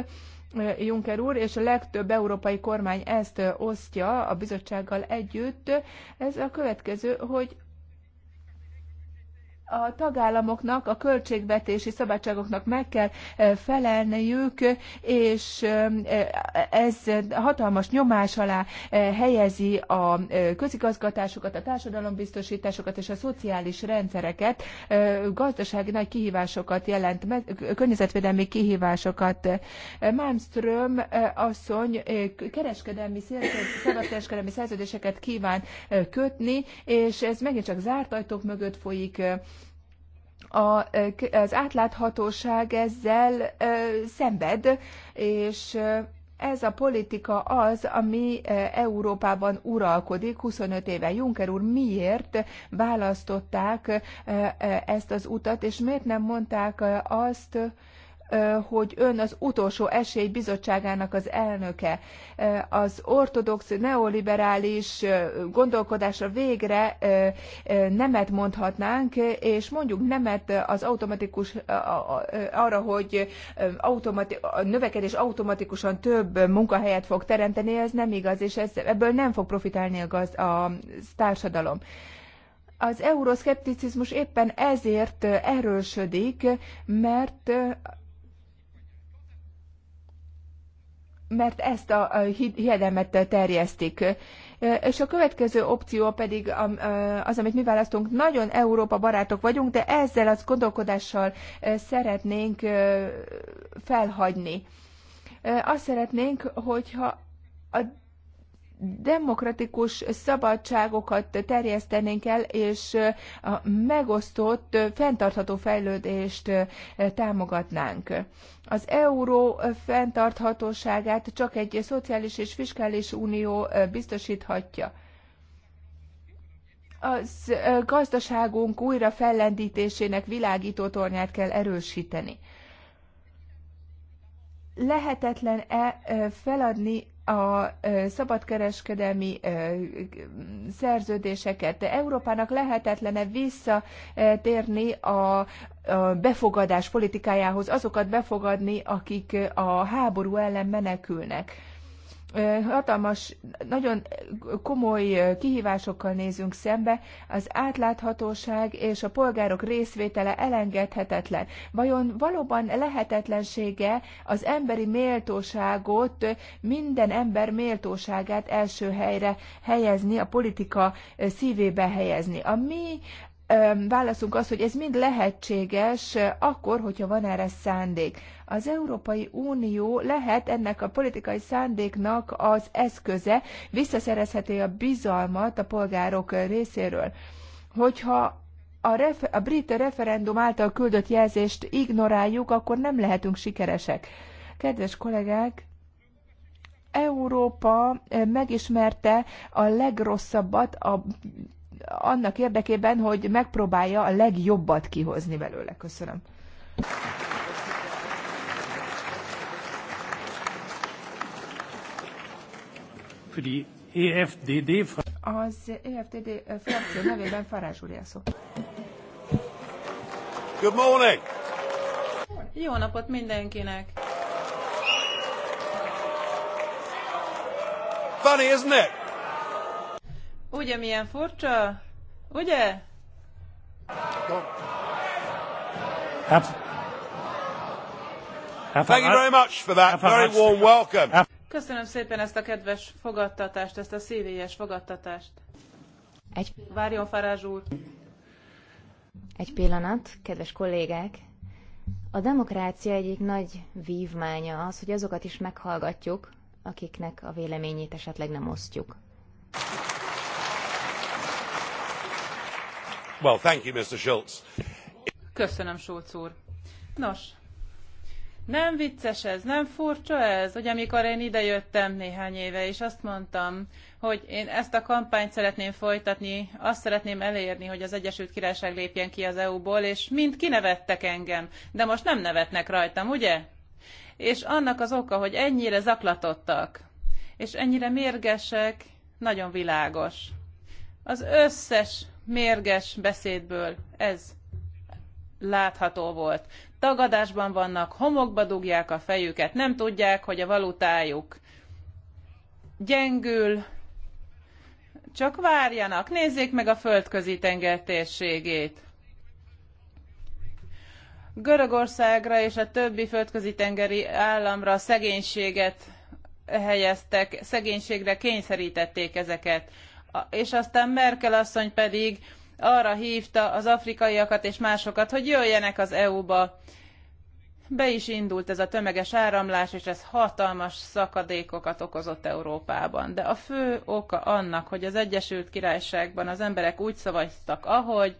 Speaker 3: Juncker úr, és a legtöbb európai kormány ezt osztja a bizottsággal együtt, ez a következő, hogy a tagállamoknak, a költségvetési szabadságoknak meg kell e, felelniük, és e, ez hatalmas nyomás alá e, helyezi a közigazgatásokat, a társadalombiztosításokat és a szociális rendszereket, gazdasági nagy kihívásokat jelent, környezetvédelmi kihívásokat. Malmström asszony kereskedelmi, szabadkereskedelmi szerződéseket kíván kötni, és ez megint csak zárt ajtók mögött folyik, a, az átláthatóság ezzel szenved, és ez a politika az, ami Európában uralkodik 25 éve. Juncker úr, miért választották ezt az utat, és miért nem mondták azt, hogy ön az utolsó esély bizottságának az elnöke. Az ortodox, neoliberális gondolkodásra végre nemet mondhatnánk, és mondjuk nemet az automatikus arra, hogy automati, a növekedés automatikusan több munkahelyet fog teremteni, ez nem igaz, és ez, ebből nem fog profitálni a, gaz, a társadalom az euroszkepticizmus éppen ezért erősödik, mert mert ezt a hiedelmet terjesztik. És a következő opció pedig az, amit mi választunk, nagyon Európa barátok vagyunk, de ezzel az gondolkodással szeretnénk felhagyni. Azt szeretnénk, hogyha a demokratikus szabadságokat terjesztenénk el, és a megosztott, fenntartható fejlődést támogatnánk. Az euró fenntarthatóságát csak egy szociális és fiskális unió biztosíthatja az gazdaságunk újra fellendítésének világító tornyát kell erősíteni. Lehetetlen-e feladni a szabadkereskedelmi szerződéseket. De Európának lehetetlene visszatérni a befogadás politikájához, azokat befogadni, akik a háború ellen menekülnek hatalmas, nagyon komoly kihívásokkal nézünk szembe, az átláthatóság és a polgárok részvétele elengedhetetlen. Vajon valóban lehetetlensége az emberi méltóságot, minden ember méltóságát első helyre helyezni, a politika szívébe helyezni. A mi válaszunk az, hogy ez mind lehetséges akkor, hogyha van erre szándék. Az Európai Unió lehet ennek a politikai szándéknak az eszköze, visszaszerezheti a bizalmat a polgárok részéről. Hogyha a, ref- a brit referendum által küldött jelzést ignoráljuk, akkor nem lehetünk sikeresek. Kedves kollégák, Európa eh, megismerte a legrosszabbat a, annak érdekében, hogy megpróbálja a legjobbat kihozni belőle. Köszönöm.
Speaker 4: für die EFDD.
Speaker 3: Az EFDD eh, frakció nevében Farázs úr
Speaker 4: Good morning!
Speaker 2: Jó napot mindenkinek!
Speaker 4: Funny, isn't it?
Speaker 2: Ugye milyen furcsa? Ugye? Thank you very much for that very warm welcome. Köszönöm szépen ezt a kedves fogadtatást, ezt a szívélyes fogadtatást. Egy... Várjon, Farázs úr!
Speaker 1: Egy pillanat, kedves kollégák! A demokrácia egyik nagy vívmánya az, hogy azokat is meghallgatjuk, akiknek a véleményét esetleg nem osztjuk.
Speaker 4: Well, thank you, Mr. Schultz.
Speaker 2: Köszönöm, Schulz úr. Nos, nem vicces ez, nem furcsa ez, hogy amikor én idejöttem néhány éve, és azt mondtam, hogy én ezt a kampányt szeretném folytatni, azt szeretném elérni, hogy az Egyesült Királyság lépjen ki az EU-ból, és mind kinevettek engem, de most nem nevetnek rajtam, ugye? És annak az oka, hogy ennyire zaklatottak, és ennyire mérgesek, nagyon világos. Az összes mérges beszédből ez látható volt tagadásban vannak, homokba dugják a fejüket, nem tudják, hogy a valutájuk gyengül, csak várjanak, nézzék meg a földközi tenger térségét. Görögországra és a többi földközi tengeri államra szegénységet helyeztek, szegénységre kényszerítették ezeket. És aztán Merkel asszony pedig arra hívta az afrikaiakat és másokat, hogy jöjjenek az EU-ba. Be is indult ez a tömeges áramlás, és ez hatalmas szakadékokat okozott Európában. De a fő oka annak, hogy az Egyesült Királyságban az emberek úgy szavaztak, ahogy,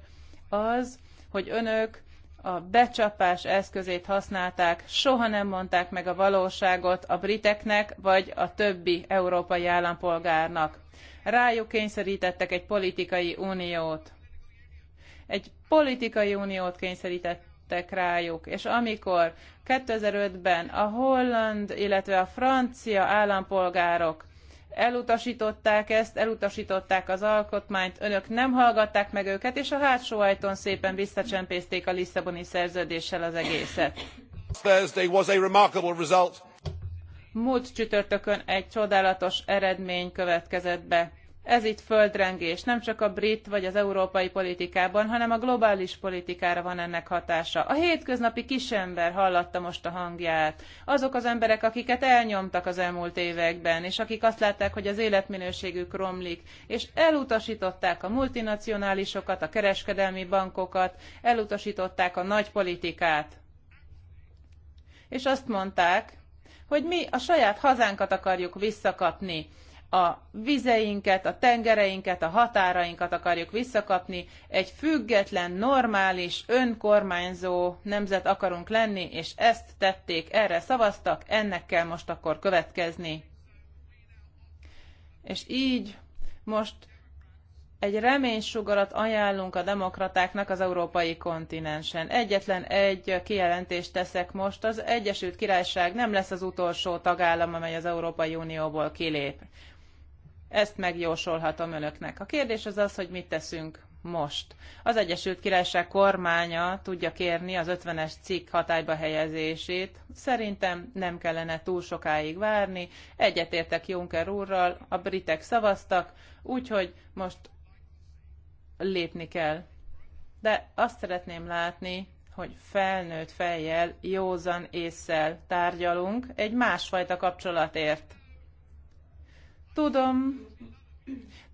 Speaker 2: az, hogy önök a becsapás eszközét használták, soha nem mondták meg a valóságot a briteknek vagy a többi európai állampolgárnak. Rájuk kényszerítettek egy politikai uniót. Egy politikai uniót kényszerítettek rájuk, és amikor 2005-ben a holland, illetve a francia állampolgárok elutasították ezt, elutasították az alkotmányt, önök nem hallgatták meg őket, és a hátsó ajtón szépen visszacsempészték a Lisszaboni szerződéssel az egészet.
Speaker 4: Thursday was a remarkable
Speaker 2: result. Múlt csütörtökön egy csodálatos eredmény következett be ez itt földrengés, nem csak a brit vagy az európai politikában, hanem a globális politikára van ennek hatása. A hétköznapi kisember hallatta most a hangját. Azok az emberek, akiket elnyomtak az elmúlt években, és akik azt látták, hogy az életminőségük romlik, és elutasították a multinacionálisokat, a kereskedelmi bankokat, elutasították a nagy politikát. És azt mondták, hogy mi a saját hazánkat akarjuk visszakapni a vizeinket, a tengereinket, a határainkat akarjuk visszakapni, egy független, normális, önkormányzó nemzet akarunk lenni, és ezt tették, erre szavaztak, ennek kell most akkor következni. És így most egy reménysugarat ajánlunk a demokratáknak az európai kontinensen. Egyetlen egy kijelentést teszek most, az Egyesült Királyság nem lesz az utolsó tagállam, amely az Európai Unióból kilép. Ezt megjósolhatom önöknek. A kérdés az az, hogy mit teszünk most. Az Egyesült Királyság kormánya tudja kérni az 50-es cikk hatályba helyezését. Szerintem nem kellene túl sokáig várni. Egyetértek Juncker úrral, a britek szavaztak, úgyhogy most lépni kell. De azt szeretném látni, hogy felnőtt fejjel, józan ésszel tárgyalunk egy másfajta kapcsolatért. Tudom,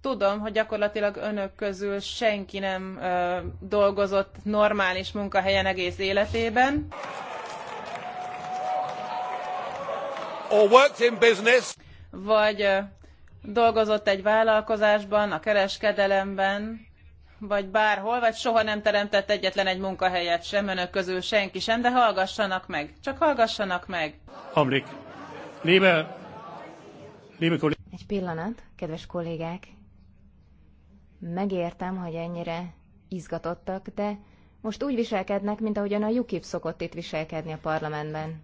Speaker 2: tudom, hogy gyakorlatilag önök közül senki nem ö, dolgozott normális munkahelyen egész életében. Or
Speaker 4: worked in business.
Speaker 2: Vagy ö, dolgozott egy vállalkozásban, a kereskedelemben, vagy bárhol, vagy soha nem teremtett egyetlen egy munkahelyet sem önök közül senki sem, de hallgassanak meg. Csak hallgassanak meg.
Speaker 1: Amrik. Liebe, liebe egy pillanat, kedves kollégák. Megértem, hogy ennyire izgatottak, de most úgy viselkednek, mint ahogyan a UKIP szokott itt viselkedni a parlamentben.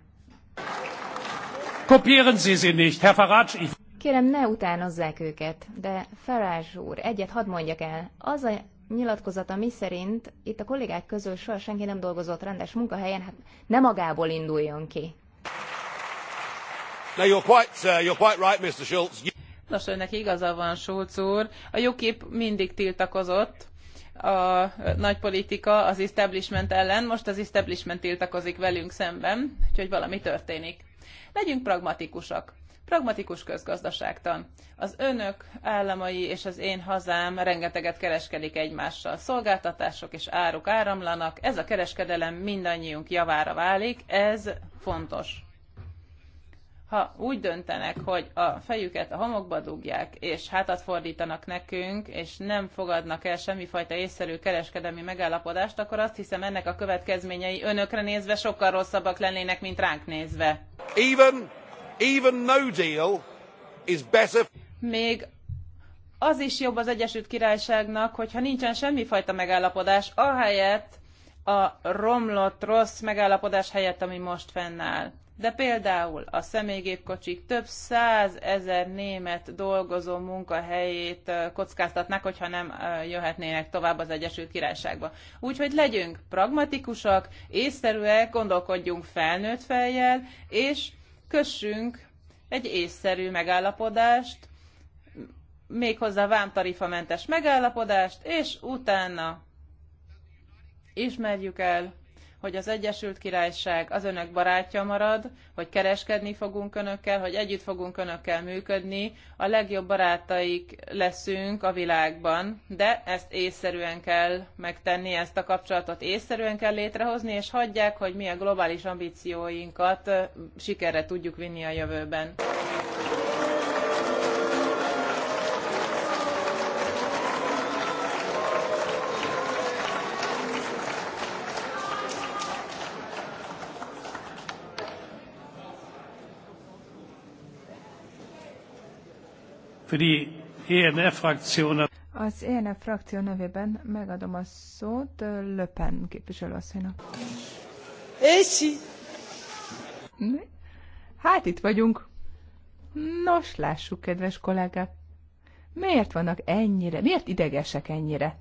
Speaker 4: Kopieren Sie sie nicht, Herr Farage. Ich...
Speaker 1: Kérem, ne utánozzák őket, de Farage úr, egyet hadd mondjak el. Az a nyilatkozata mi szerint itt a kollégák közül soha senki nem dolgozott rendes munkahelyen, hát ne magából induljon ki.
Speaker 2: Uh, Schultz. Nos, önnek igaza van, Schulz úr. A UKIP mindig tiltakozott, a nagy politika az establishment ellen, most az establishment tiltakozik velünk szemben, úgyhogy valami történik. Legyünk pragmatikusak. Pragmatikus közgazdaságtan. Az önök államai és az én hazám rengeteget kereskedik egymással. Szolgáltatások és áruk áramlanak, ez a kereskedelem mindannyiunk javára válik, ez fontos ha úgy döntenek, hogy a fejüket a homokba dugják, és hátat fordítanak nekünk, és nem fogadnak el semmifajta észszerű kereskedelmi megállapodást, akkor azt hiszem ennek a következményei önökre nézve sokkal rosszabbak lennének, mint ránk nézve.
Speaker 4: Even, even no deal is better.
Speaker 2: Még az is jobb az Egyesült Királyságnak, hogyha nincsen semmifajta megállapodás, ahelyett a romlott rossz megállapodás helyett, ami most fennáll de például a személygépkocsik több százezer német dolgozó munkahelyét kockáztatnak, hogyha nem jöhetnének tovább az Egyesült Királyságba. Úgyhogy legyünk pragmatikusak, észszerűek, gondolkodjunk felnőtt fejjel, és kössünk egy észszerű megállapodást, méghozzá vámtarifamentes megállapodást, és utána ismerjük el hogy az Egyesült Királyság az önök barátja marad, hogy kereskedni fogunk önökkel, hogy együtt fogunk önökkel működni, a legjobb barátaik leszünk a világban, de ezt észszerűen kell megtenni, ezt a kapcsolatot észszerűen kell létrehozni, és hagyják, hogy mi a globális ambícióinkat sikerre tudjuk vinni a jövőben.
Speaker 4: E
Speaker 3: Az ENF frakció nevében megadom a szót Löpen képviselőasszonynak. Észi! Hát itt vagyunk. Nos, lássuk, kedves kollégák. Miért vannak ennyire, miért idegesek ennyire?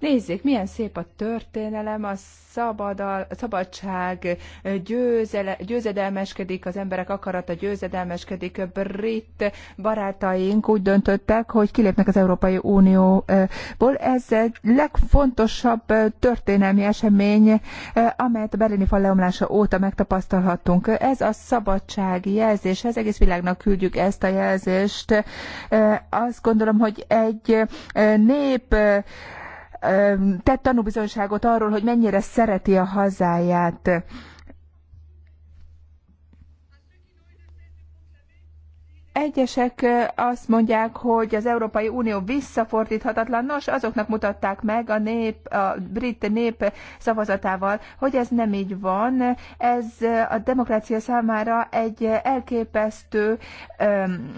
Speaker 3: Nézzék, milyen szép a történelem, a, szabadal, a szabadság győzele, győzedelmeskedik, az emberek akarata győzedelmeskedik. A brit barátaink úgy döntöttek, hogy kilépnek az Európai Unióból. Ez a legfontosabb történelmi esemény, amelyet a berlini fal leomlása óta megtapasztalhattunk. Ez a szabadság jelzés, ez egész világnak küldjük ezt a jelzést. Azt gondolom, hogy egy nép tett tanúbizonyságot arról, hogy mennyire szereti a hazáját. Egyesek azt mondják, hogy az Európai Unió visszafordíthatatlan. Nos, azoknak mutatták meg a nép, a brit nép szavazatával, hogy ez nem így van. Ez a demokrácia számára egy elképesztő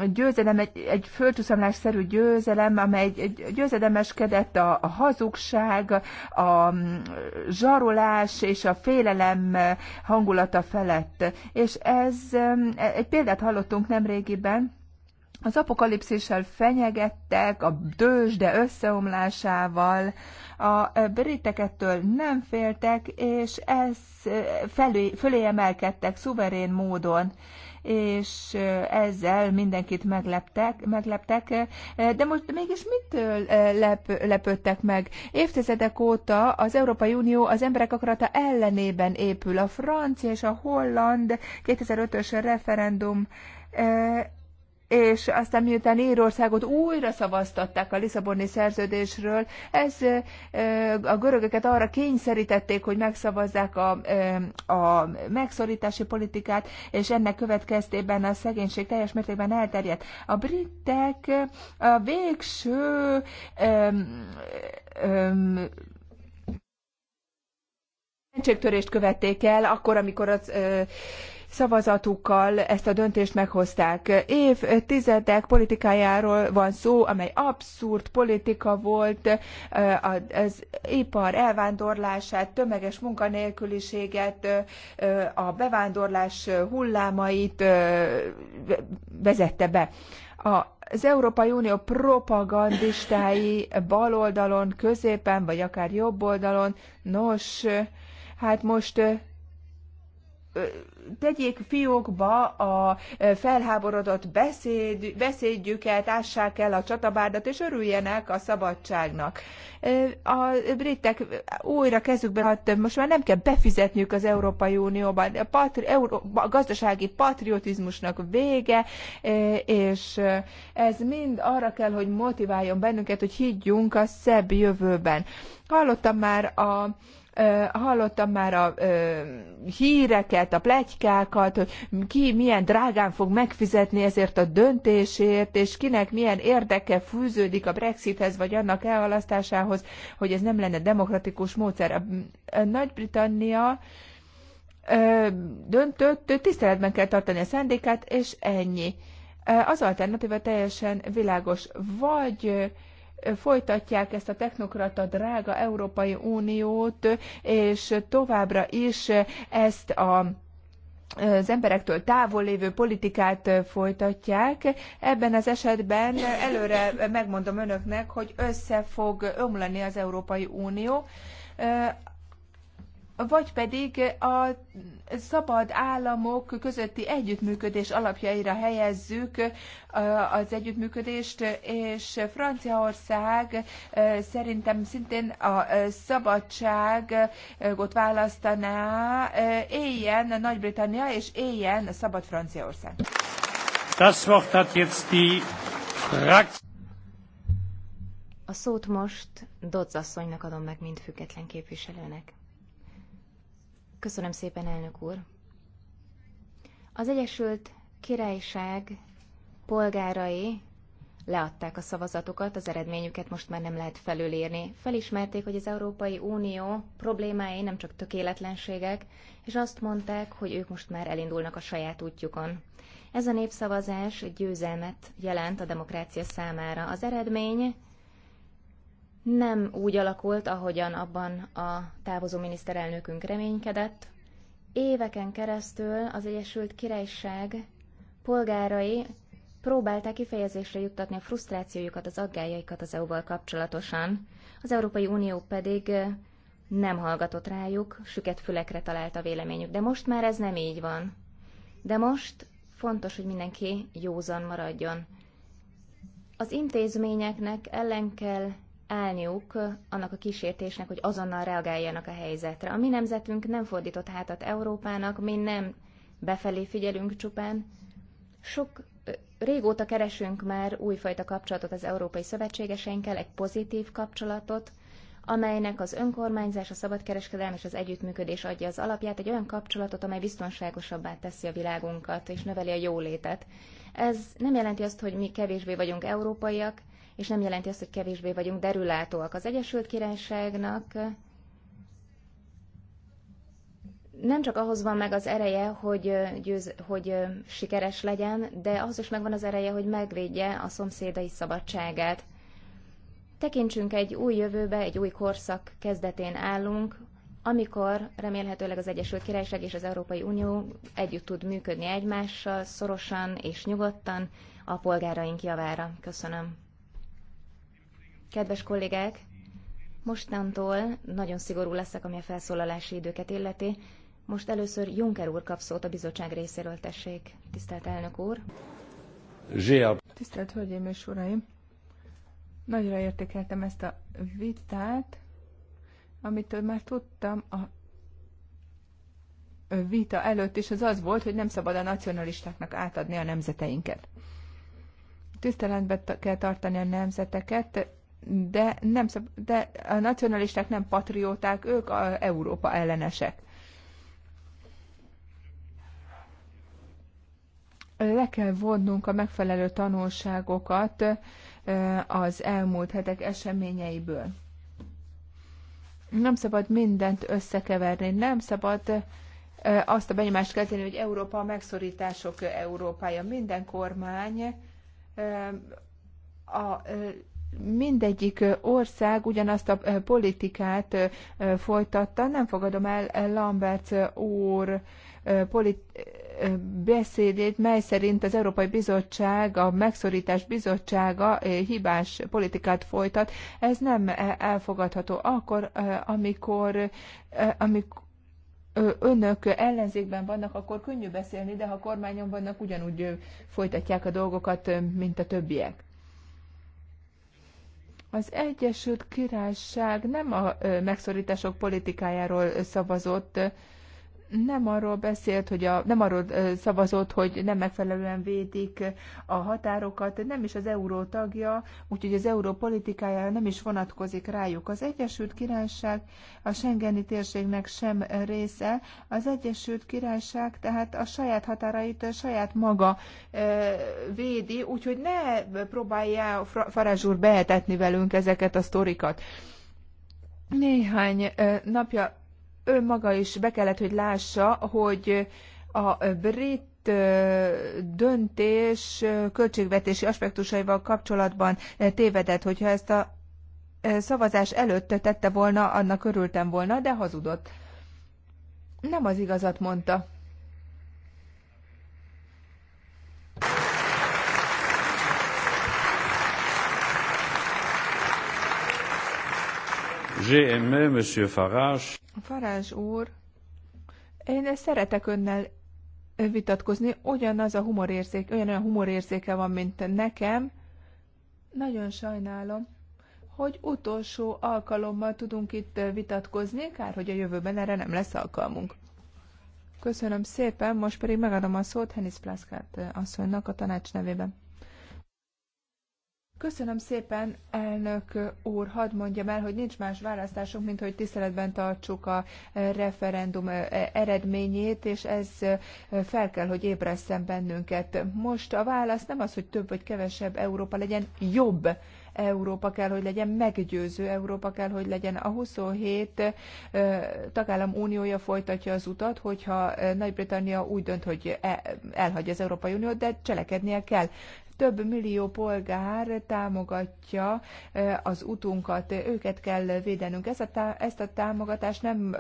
Speaker 3: győzelem, egy, egy földcsuszamlásszerű győzelem, amely győzedelmeskedett a, a hazugság, a mm, zsarolás és a félelem hangulata felett. És ez egy példát hallottunk nemrégiben, az apokalipszissel fenyegettek, a dősde összeomlásával, a britek nem féltek, és ez felé, fölé emelkedtek szuverén módon és ezzel mindenkit megleptek, megleptek de most mégis mitől lep, lepődtek meg? Évtizedek óta az Európai Unió az emberek akarata ellenében épül. A francia és a holland 2005-ös referendum és aztán miután Írországot újra szavaztatták a Lisszaboni szerződésről, ez a görögöket arra kényszerítették, hogy megszavazzák a, a megszorítási politikát, és ennek következtében a szegénység teljes mértékben elterjedt. A britek a végső öm, öm, mentségtörést követték el, akkor, amikor az ö, szavazatukkal ezt a döntést meghozták. Évtizedek politikájáról van szó, amely abszurd politika volt, eh, az ipar elvándorlását, tömeges munkanélküliséget, eh, a bevándorlás hullámait eh, vezette be. A az Európai Unió propagandistái oldalon középen, vagy akár jobb oldalon, nos, hát most tegyék fiókba a felháborodott beszéd, beszédjüket, ássák el a csatabárdat, és örüljenek a szabadságnak. A britek újra kezükbe hát most már nem kell befizetniük az Európai Unióban. A, patri, Euró, a gazdasági patriotizmusnak vége, és ez mind arra kell, hogy motiváljon bennünket, hogy higgyünk a szebb jövőben. Hallottam már a hallottam már a híreket, a plegykákat, hogy ki milyen drágán fog megfizetni ezért a döntésért, és kinek milyen érdeke fűződik a Brexithez, vagy annak elhalasztásához, hogy ez nem lenne demokratikus módszer. A Nagy-Britannia döntött, tiszteletben kell tartani a szándékát, és ennyi. Az alternatíva teljesen világos. Vagy folytatják ezt a technokrata drága Európai Uniót, és továbbra is ezt a az emberektől távol lévő politikát folytatják. Ebben az esetben előre megmondom önöknek, hogy össze fog ömlani az Európai Unió vagy pedig a szabad államok közötti együttműködés alapjaira helyezzük az együttműködést, és Franciaország szerintem szintén a szabadságot választaná, éljen Nagy-Britannia és éljen a szabad
Speaker 1: Franciaország.
Speaker 4: Das Wort hat jetzt die
Speaker 1: A szót most Dodz asszonynak adom meg, mint független képviselőnek. Köszönöm szépen, elnök úr. Az Egyesült Királyság polgárai leadták a szavazatokat, az eredményüket most már nem lehet felülírni. Felismerték, hogy az Európai Unió problémái nem csak tökéletlenségek, és azt mondták, hogy ők most már elindulnak a saját útjukon. Ez a népszavazás győzelmet jelent a demokrácia számára. Az eredmény nem úgy alakult, ahogyan abban a távozó miniszterelnökünk reménykedett. Éveken keresztül az Egyesült Királyság polgárai próbálták kifejezésre juttatni a frusztrációjukat, az aggájaikat az EU-val kapcsolatosan. Az Európai Unió pedig nem hallgatott rájuk, süket fülekre talált a véleményük. De most már ez nem így van. De most fontos, hogy mindenki józan maradjon. Az intézményeknek ellen kell állniuk annak a kísértésnek, hogy azonnal reagáljanak a helyzetre. A mi nemzetünk nem fordított hátat Európának, mi nem befelé figyelünk csupán. Sok régóta keresünk már újfajta kapcsolatot az európai szövetségeseinkkel, egy pozitív kapcsolatot, amelynek az önkormányzás, a szabadkereskedelem és az együttműködés adja az alapját, egy olyan kapcsolatot, amely biztonságosabbá teszi a világunkat és növeli a jólétet. Ez nem jelenti azt, hogy mi kevésbé vagyunk európaiak, és nem jelenti azt, hogy kevésbé vagyunk derülátóak. Az Egyesült Királyságnak nem csak ahhoz van meg az ereje, hogy, győz, hogy sikeres legyen, de ahhoz is megvan az ereje, hogy megvédje a szomszédai szabadságát. Tekintsünk egy új jövőbe, egy új korszak kezdetén állunk, amikor remélhetőleg az Egyesült Királyság és az Európai Unió együtt tud működni egymással, szorosan és nyugodtan a polgáraink javára. Köszönöm. Kedves kollégák, mostantól nagyon szigorú leszek, ami a felszólalási időket illeti. Most először Juncker úr kap szót a bizottság részéről, tessék. Tisztelt elnök úr! Zsia. Tisztelt Hölgyeim és Uraim!
Speaker 3: Nagyra értékeltem ezt a vitát, amit már tudtam a vita előtt is, az az volt, hogy nem szabad a nacionalistáknak átadni a nemzeteinket. Tiszteletben kell tartani a nemzeteket, de, nem, de a nacionalisták nem patrióták, ők a Európa ellenesek. Le kell vonnunk a megfelelő tanulságokat az elmúlt hetek eseményeiből. Nem szabad mindent összekeverni, nem szabad azt a benyomást kelteni, hogy Európa a megszorítások Európája. Minden kormány a mindegyik ország ugyanazt a politikát folytatta. Nem fogadom el Lambert úr beszédét, mely szerint az Európai Bizottság, a megszorítás bizottsága hibás politikát folytat. Ez nem elfogadható. Akkor, amikor, amikor önök ellenzékben vannak, akkor könnyű beszélni, de ha kormányon vannak, ugyanúgy folytatják a dolgokat, mint a többiek. Az Egyesült Királyság nem a megszorítások politikájáról szavazott, nem arról beszélt, hogy a, nem arról szavazott, hogy nem megfelelően védik a határokat, nem is az euró tagja, úgyhogy az euró politikájára nem is vonatkozik rájuk. Az Egyesült Királyság a Schengeni térségnek sem része. Az Egyesült Királyság tehát a saját határait a saját maga védi, úgyhogy ne próbálja Farázs úr behetetni velünk ezeket a sztorikat. Néhány napja ő maga is be kellett, hogy lássa, hogy a brit döntés költségvetési aspektusaival kapcsolatban tévedett, hogyha ezt a szavazás előtt tette volna, annak örültem volna, de hazudott. Nem az igazat mondta.
Speaker 4: E, Monsieur Farage.
Speaker 3: Farage úr, én szeretek önnel vitatkozni, ugyanaz a humorérzék, olyan olyan humorérzéke van, mint nekem. Nagyon sajnálom, hogy utolsó alkalommal tudunk itt vitatkozni, kár, hogy a jövőben erre nem lesz alkalmunk. Köszönöm szépen, most pedig megadom a szót Henis Plaskát asszonynak a tanács nevében. Köszönöm szépen, elnök úr, hadd mondjam el, hogy nincs más választásunk, mint hogy tiszteletben tartsuk a referendum eredményét, és ez fel kell, hogy ébresszen bennünket. Most a válasz nem az, hogy több vagy kevesebb Európa legyen, jobb Európa kell, hogy legyen, meggyőző Európa kell, hogy legyen. A 27 tagállam uniója folytatja az utat, hogyha Nagy-Britannia úgy dönt, hogy e, elhagyja az Európai Uniót, de cselekednie kell több millió polgár támogatja az utunkat, őket kell védenünk. Ezt a, tá- ezt a támogatást nem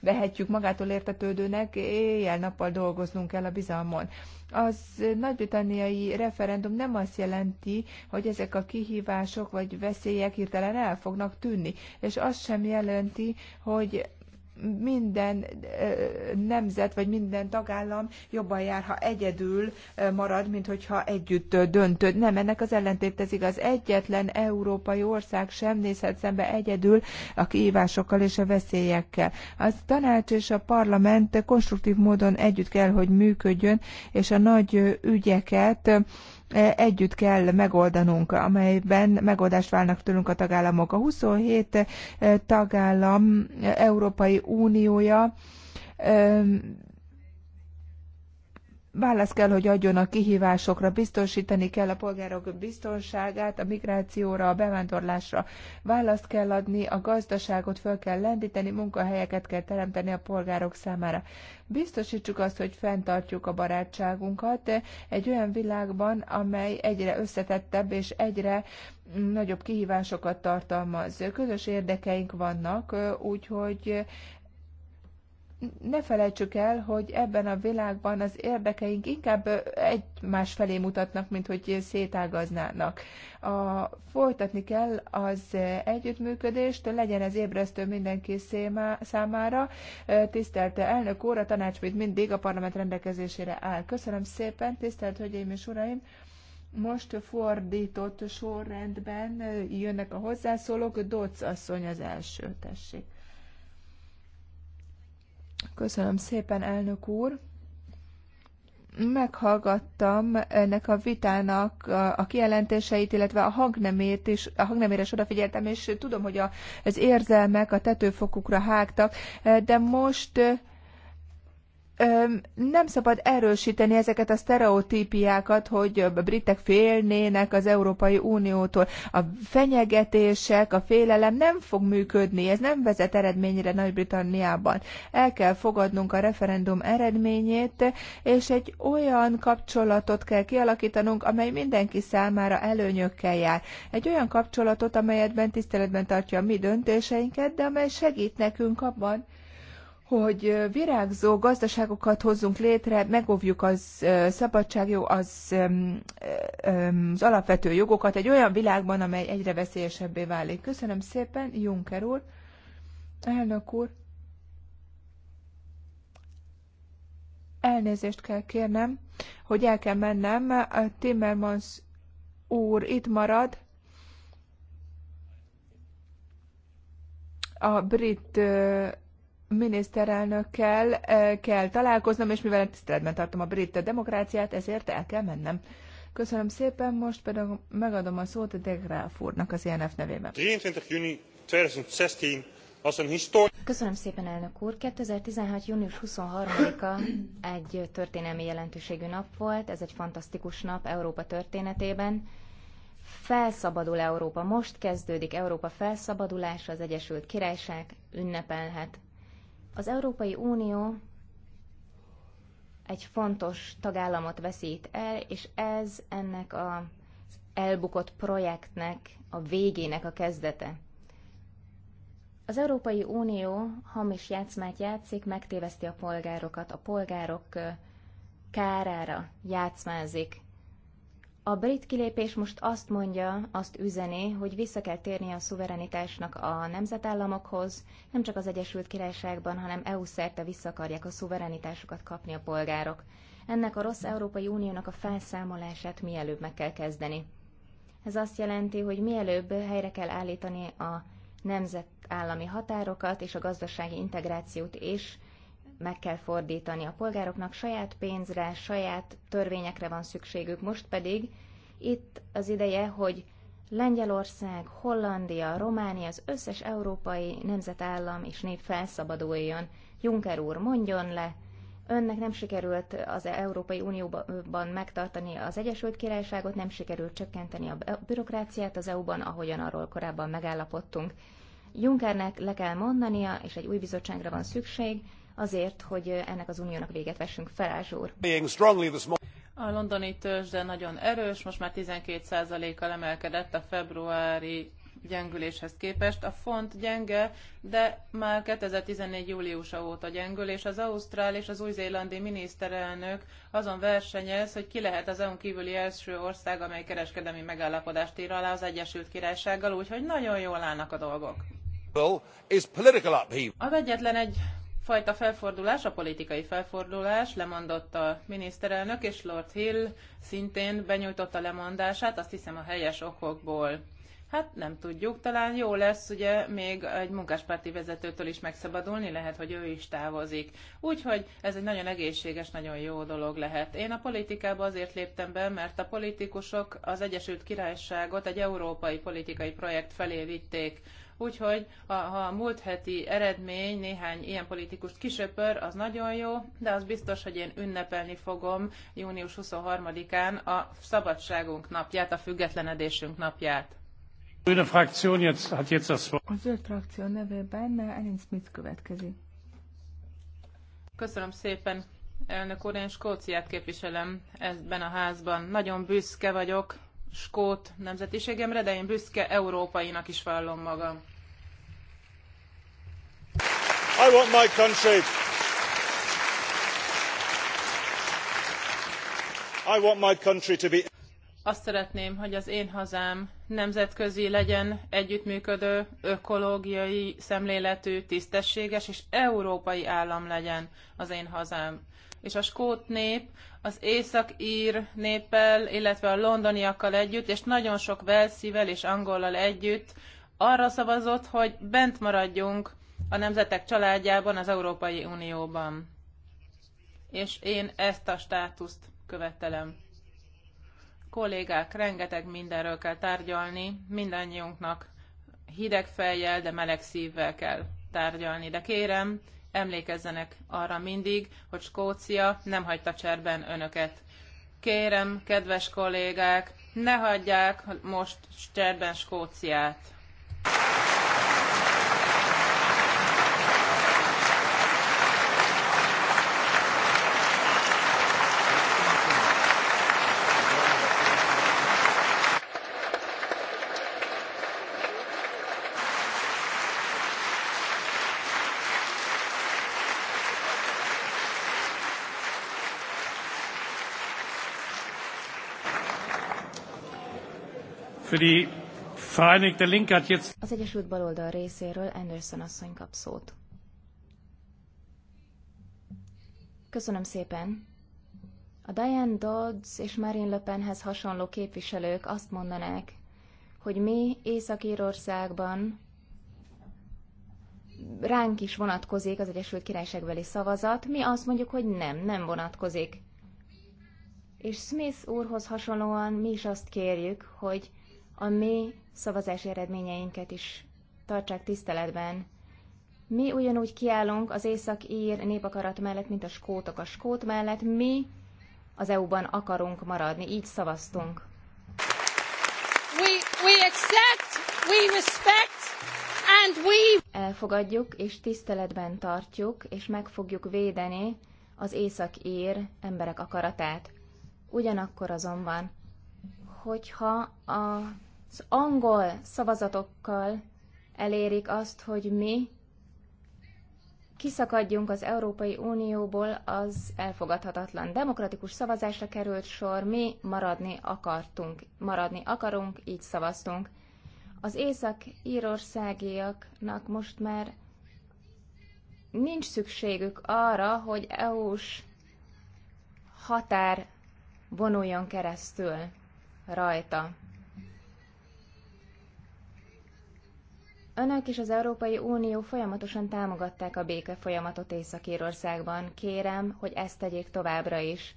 Speaker 3: vehetjük magától értetődőnek, éjjel-nappal dolgoznunk kell a bizalmon. Az nagybritanniai referendum nem azt jelenti, hogy ezek a kihívások vagy veszélyek hirtelen el fognak tűnni, és azt sem jelenti, hogy minden nemzet, vagy minden tagállam jobban jár, ha egyedül marad, mint hogyha együtt döntöd. Nem, ennek az ellentét ez igaz. Egyetlen európai ország sem nézhet szembe egyedül a kihívásokkal és a veszélyekkel. A tanács és a parlament konstruktív módon együtt kell, hogy működjön, és a nagy ügyeket E, együtt kell megoldanunk, amelyben megoldást válnak tőlünk a tagállamok. A 27 e, tagállam e, Európai Uniója Válasz kell, hogy adjon a kihívásokra, biztosítani kell a polgárok biztonságát, a migrációra, a bevándorlásra. Választ kell adni, a gazdaságot föl kell lendíteni, munkahelyeket kell teremteni a polgárok számára. Biztosítsuk azt, hogy fenntartjuk a barátságunkat egy olyan világban, amely egyre összetettebb és egyre nagyobb kihívásokat tartalmaz. Közös érdekeink vannak, úgyhogy ne felejtsük el, hogy ebben a világban az érdekeink inkább egymás felé mutatnak, mint hogy szétágaznának. A, folytatni kell az együttműködést, legyen ez ébresztő mindenki szémá, számára. Tisztelte elnök úr, a tanács mint mindig a parlament rendelkezésére áll. Köszönöm szépen, tisztelt hölgyeim és uraim! Most fordított sorrendben jönnek a hozzászólók, Dóc asszony az első, tessék. Köszönöm szépen, elnök úr. Meghallgattam ennek a vitának a kijelentéseit, illetve a hangnemét is, a hangnemére is odafigyeltem, és tudom, hogy az érzelmek a tetőfokukra hágtak, de most nem szabad erősíteni ezeket a sztereotípiákat, hogy a britek félnének az Európai Uniótól. A fenyegetések, a félelem nem fog működni, ez nem vezet eredményre Nagy-Britanniában. El kell fogadnunk a referendum eredményét, és egy olyan kapcsolatot kell kialakítanunk, amely mindenki számára előnyökkel jár. Egy olyan kapcsolatot, amelyetben tiszteletben tartja a mi döntéseinket, de amely segít nekünk abban, hogy virágzó gazdaságokat hozzunk létre, megóvjuk az szabadságjog, az, az alapvető jogokat egy olyan világban, amely egyre veszélyesebbé válik. Köszönöm szépen, Juncker úr, elnök úr. Elnézést kell kérnem, hogy el kell mennem. A Timmermans úr itt marad. A brit miniszterelnökkel eh, kell találkoznom, és mivel tiszteletben tartom a brit demokráciát, ezért el kell mennem. Köszönöm szépen, most pedig megadom a szót a De úrnak az
Speaker 1: INF e nevében.
Speaker 4: 23. 2016 az
Speaker 1: Köszönöm szépen, elnök úr. 2016. június 23-a egy történelmi jelentőségű nap volt, ez egy fantasztikus nap Európa történetében. Felszabadul Európa, most kezdődik Európa felszabadulása, az Egyesült Királyság ünnepelhet az Európai Unió egy fontos tagállamot veszít el, és ez ennek az elbukott projektnek a végének a kezdete. Az Európai Unió hamis játszmát játszik, megtéveszti a polgárokat, a polgárok kárára játszmázik a brit kilépés most azt mondja, azt üzeni, hogy vissza kell térni a szuverenitásnak a nemzetállamokhoz, nem csak az Egyesült Királyságban, hanem EU szerte vissza akarják a szuverenitásukat kapni a polgárok. Ennek a rossz Európai Uniónak a felszámolását mielőbb meg kell kezdeni. Ez azt jelenti, hogy mielőbb helyre kell állítani a nemzetállami határokat és a gazdasági integrációt is, meg kell fordítani. A polgároknak saját pénzre, saját törvényekre van szükségük, most pedig itt az ideje, hogy Lengyelország, Hollandia, Románia, az összes európai nemzetállam és nép felszabaduljon. Juncker úr, mondjon le, önnek nem sikerült az Európai Unióban megtartani az Egyesült Királyságot, nem sikerült csökkenteni a bürokráciát az EU-ban, ahogyan arról korábban megállapodtunk. Junckernek le kell mondania, és egy új bizottságra van szükség, azért, hogy ennek az uniónak véget vessünk. Felázs úr.
Speaker 2: A londoni tőzsde nagyon erős, most már 12%-kal emelkedett a februári gyengüléshez képest. A font gyenge, de már 2014. júliusa óta gyengül, és az ausztrál és az új-zélandi miniszterelnök azon versenyez, hogy ki lehet az EU-n kívüli első ország, amely kereskedelmi megállapodást ír alá az Egyesült Királysággal, úgyhogy nagyon jól állnak a dolgok. Az egyetlen egy fajta felfordulás, a politikai felfordulás, lemondott a miniszterelnök, és Lord Hill szintén benyújtotta lemondását, azt hiszem a helyes okokból. Hát nem tudjuk, talán jó lesz ugye még egy munkáspárti vezetőtől is megszabadulni, lehet, hogy ő is távozik. Úgyhogy ez egy nagyon egészséges, nagyon jó dolog lehet. Én a politikába azért léptem be, mert a politikusok az Egyesült Királyságot egy európai politikai projekt felé vitték. Úgyhogy ha, ha a múlt heti eredmény néhány ilyen politikust kisöpör, az nagyon jó, de az biztos, hogy én ünnepelni fogom június 23-án a szabadságunk napját, a függetlenedésünk napját.
Speaker 4: A zöld frakció nevében Elin Smith következik.
Speaker 2: Köszönöm szépen, elnök úr, én Skóciát képviselem ebben a házban. Nagyon büszke vagyok skót nemzetiségemre, de én büszke európainak is vallom magam. I want my
Speaker 1: country. I want my country to be...
Speaker 2: Azt szeretném, hogy az én hazám nemzetközi legyen, együttműködő, ökológiai szemléletű, tisztességes és európai állam legyen az én hazám és a skót nép az észak-ír néppel, illetve a londoniakkal együtt, és nagyon sok velszivel és angollal együtt arra szavazott, hogy bent maradjunk a nemzetek családjában, az Európai Unióban. És én ezt a státuszt követelem. Kollégák, rengeteg mindenről kell tárgyalni, mindannyiunknak hideg fejjel, de meleg szívvel kell tárgyalni. De kérem, emlékezzenek arra mindig, hogy Skócia nem hagyta cserben önöket. Kérem, kedves kollégák, ne hagyják most cserben Skóciát!
Speaker 1: Az Egyesült Baloldal részéről Anderson asszony kap szót. Köszönöm szépen. A Diane Dodds és Marine Le Penhez hasonló képviselők azt mondanák, hogy mi Észak-Írországban ránk is vonatkozik az Egyesült Királyságbeli szavazat, mi azt mondjuk, hogy nem, nem vonatkozik. És Smith úrhoz hasonlóan mi is azt kérjük, hogy a mi szavazási eredményeinket is tartsák tiszteletben. Mi ugyanúgy kiállunk az észak-ír népakarat mellett, mint a skótok a skót mellett. Mi az EU-ban akarunk maradni, így szavaztunk.
Speaker 3: We, we accept,
Speaker 1: we respect, and we... Elfogadjuk és tiszteletben tartjuk, és meg fogjuk védeni az észak-ír emberek akaratát. Ugyanakkor azonban, hogyha a az angol szavazatokkal elérik azt, hogy mi kiszakadjunk az Európai Unióból, az elfogadhatatlan. Demokratikus szavazásra került sor, mi maradni akartunk, maradni akarunk, így szavaztunk. Az észak-írországiaknak most már nincs szükségük arra, hogy EU-s határ vonuljon keresztül rajta. Önök és az Európai Unió folyamatosan támogatták a béke folyamatot Észak-Írországban. Kérem, hogy ezt tegyék továbbra is.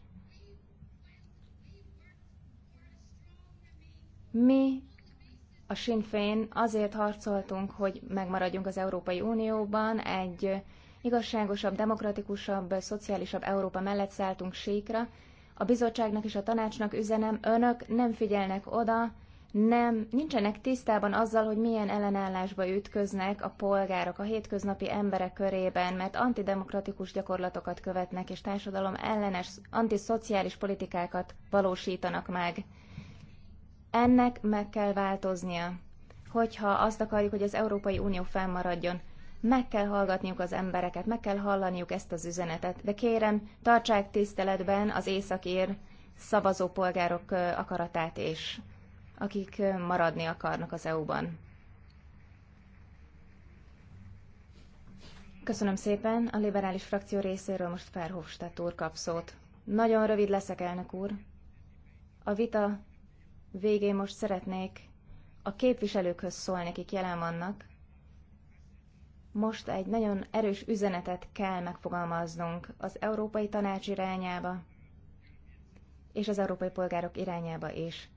Speaker 1: Mi a Sinn Féin azért harcoltunk, hogy megmaradjunk az Európai Unióban, egy igazságosabb, demokratikusabb, szociálisabb Európa mellett szálltunk síkra. A bizottságnak és a tanácsnak üzenem, önök nem figyelnek oda, nem, nincsenek tisztában azzal, hogy milyen ellenállásba ütköznek a polgárok, a hétköznapi emberek körében, mert antidemokratikus gyakorlatokat követnek, és társadalom ellenes, antiszociális politikákat valósítanak meg. Ennek meg kell változnia, hogyha azt akarjuk, hogy az Európai Unió fennmaradjon. Meg kell hallgatniuk az embereket, meg kell hallaniuk ezt az üzenetet, de kérem, tartsák tiszteletben az északír szavazópolgárok akaratát és akik maradni akarnak az EU-ban. Köszönöm szépen. A liberális frakció részéről most Ferhofstadt úr kap szót. Nagyon rövid leszek, elnök úr. A vita végén most szeretnék a képviselőkhöz szólni, akik jelen vannak. Most egy nagyon erős üzenetet kell megfogalmaznunk az Európai Tanács irányába, és az európai polgárok irányába is.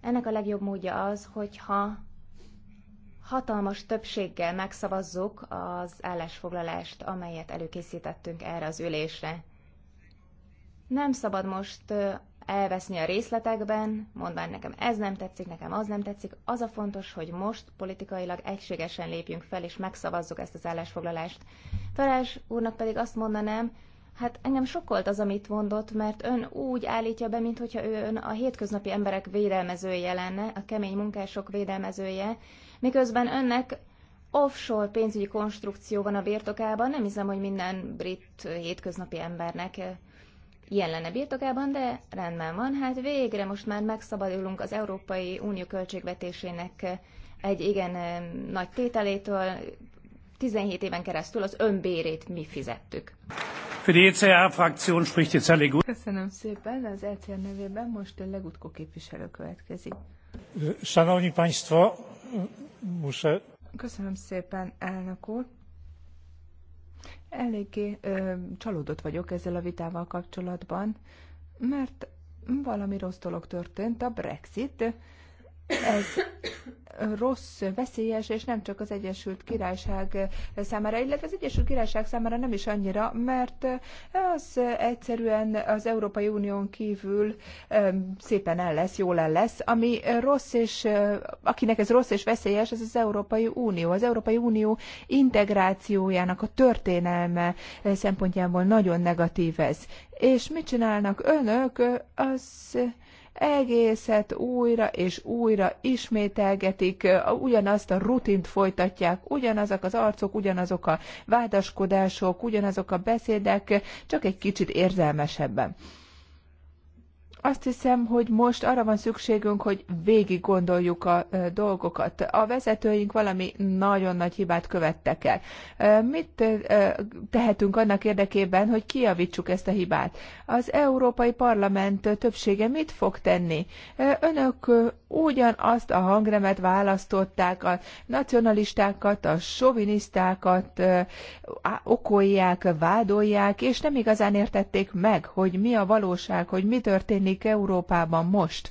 Speaker 1: Ennek a legjobb módja az, hogyha hatalmas többséggel megszavazzuk az állásfoglalást, amelyet előkészítettünk erre az ülésre. Nem szabad most elveszni a részletekben, mondván nekem ez nem tetszik, nekem az nem tetszik. Az a fontos, hogy most politikailag egységesen lépjünk fel, és megszavazzuk ezt az állásfoglalást. Feles úrnak pedig azt mondanám, Hát engem sokkolt az, amit mondott, mert ön úgy állítja be, mintha ő ön a hétköznapi emberek védelmezője lenne, a kemény munkások védelmezője, miközben önnek offshore pénzügyi konstrukció van a birtokában, nem hiszem, hogy minden brit hétköznapi embernek eh, ilyen lenne birtokában, de rendben van. Hát végre most már megszabadulunk az Európai Unió költségvetésének eh, egy igen eh, nagy tételétől, 17 éven keresztül az önbérét mi fizettük.
Speaker 4: Für die ECR-Fraktion spricht jetzt Herr Legut.
Speaker 1: Köszönöm szépen. Az ECR nevében
Speaker 3: most Legutko képviselő következik.
Speaker 4: Szanowni Państwo, muszę...
Speaker 3: Köszönöm szépen, elnök úr. Eléggé ö, csalódott vagyok ezzel a vitával kapcsolatban, mert valami rossz dolog történt, a Brexit ez rossz, veszélyes, és nem csak az Egyesült Királyság számára, illetve az Egyesült Királyság számára nem is annyira, mert az egyszerűen az Európai Unión kívül szépen el lesz, jól el lesz, ami rossz, és akinek ez rossz és veszélyes, az az Európai Unió. Az Európai Unió integrációjának a történelme szempontjából nagyon negatív ez. És mit csinálnak önök? Az egészet újra és újra ismételgetik, ugyanazt a rutint folytatják, ugyanazok az arcok, ugyanazok a vádaskodások, ugyanazok a beszédek, csak egy kicsit érzelmesebben azt hiszem, hogy most arra van szükségünk, hogy végig gondoljuk a dolgokat. A vezetőink valami nagyon nagy hibát követtek el. Mit tehetünk annak érdekében, hogy kijavítsuk ezt a hibát? Az Európai Parlament többsége mit fog tenni? Önök ugyanazt a hangremet választották, a nacionalistákat, a sovinisztákat okolják, vádolják, és nem igazán értették meg, hogy mi a valóság, hogy mi történik Európában most.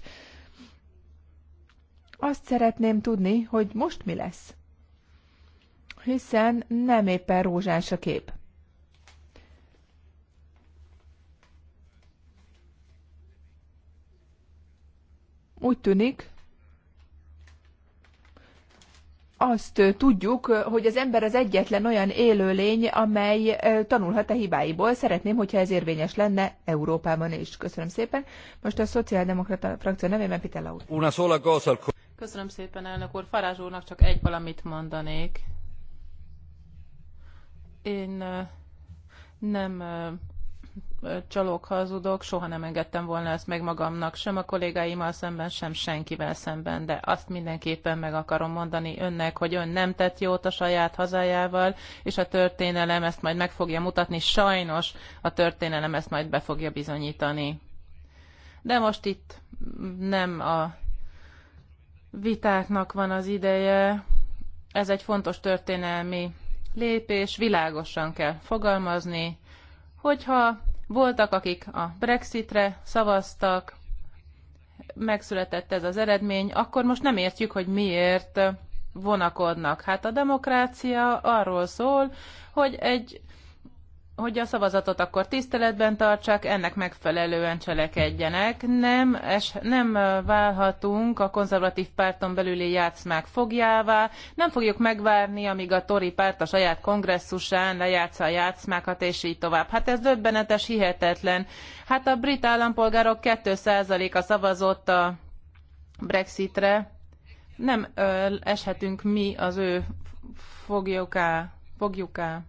Speaker 3: Azt szeretném tudni, hogy most mi lesz. Hiszen nem éppen rózsás a kép. Úgy tűnik, azt tudjuk, hogy az ember az egyetlen olyan élőlény, amely tanulhat a hibáiból. Szeretném, hogyha ez érvényes lenne Európában is. Köszönöm szépen. Most a Szociáldemokrata frakció nevében Pitella úr.
Speaker 2: Una
Speaker 4: sola cosa.
Speaker 2: Köszönöm szépen, elnök úr. Farázs úrnak csak egy valamit mondanék. Én nem csalók, hazudok, soha nem engedtem volna ezt meg magamnak, sem a kollégáimmal szemben, sem senkivel szemben, de azt mindenképpen meg akarom mondani önnek, hogy ön nem tett jót a saját hazájával, és a történelem ezt majd meg fogja mutatni, sajnos a történelem ezt majd be fogja bizonyítani. De most itt nem a vitáknak van az ideje, ez egy fontos történelmi lépés, világosan kell fogalmazni, hogyha voltak, akik a Brexitre szavaztak, megszületett ez az eredmény, akkor most nem értjük, hogy miért vonakodnak. Hát a demokrácia arról szól, hogy egy hogy a szavazatot akkor tiszteletben tartsák, ennek megfelelően cselekedjenek. Nem, es, nem válhatunk a konzervatív párton belüli játszmák fogjává, nem fogjuk megvárni, amíg a Tori párt a saját kongresszusán lejátsza a játszmákat, és így tovább. Hát ez döbbenetes, hihetetlen. Hát a brit állampolgárok 2%-a szavazott a Brexitre. Nem ö, eshetünk mi az ő fogjuká. fogjuká.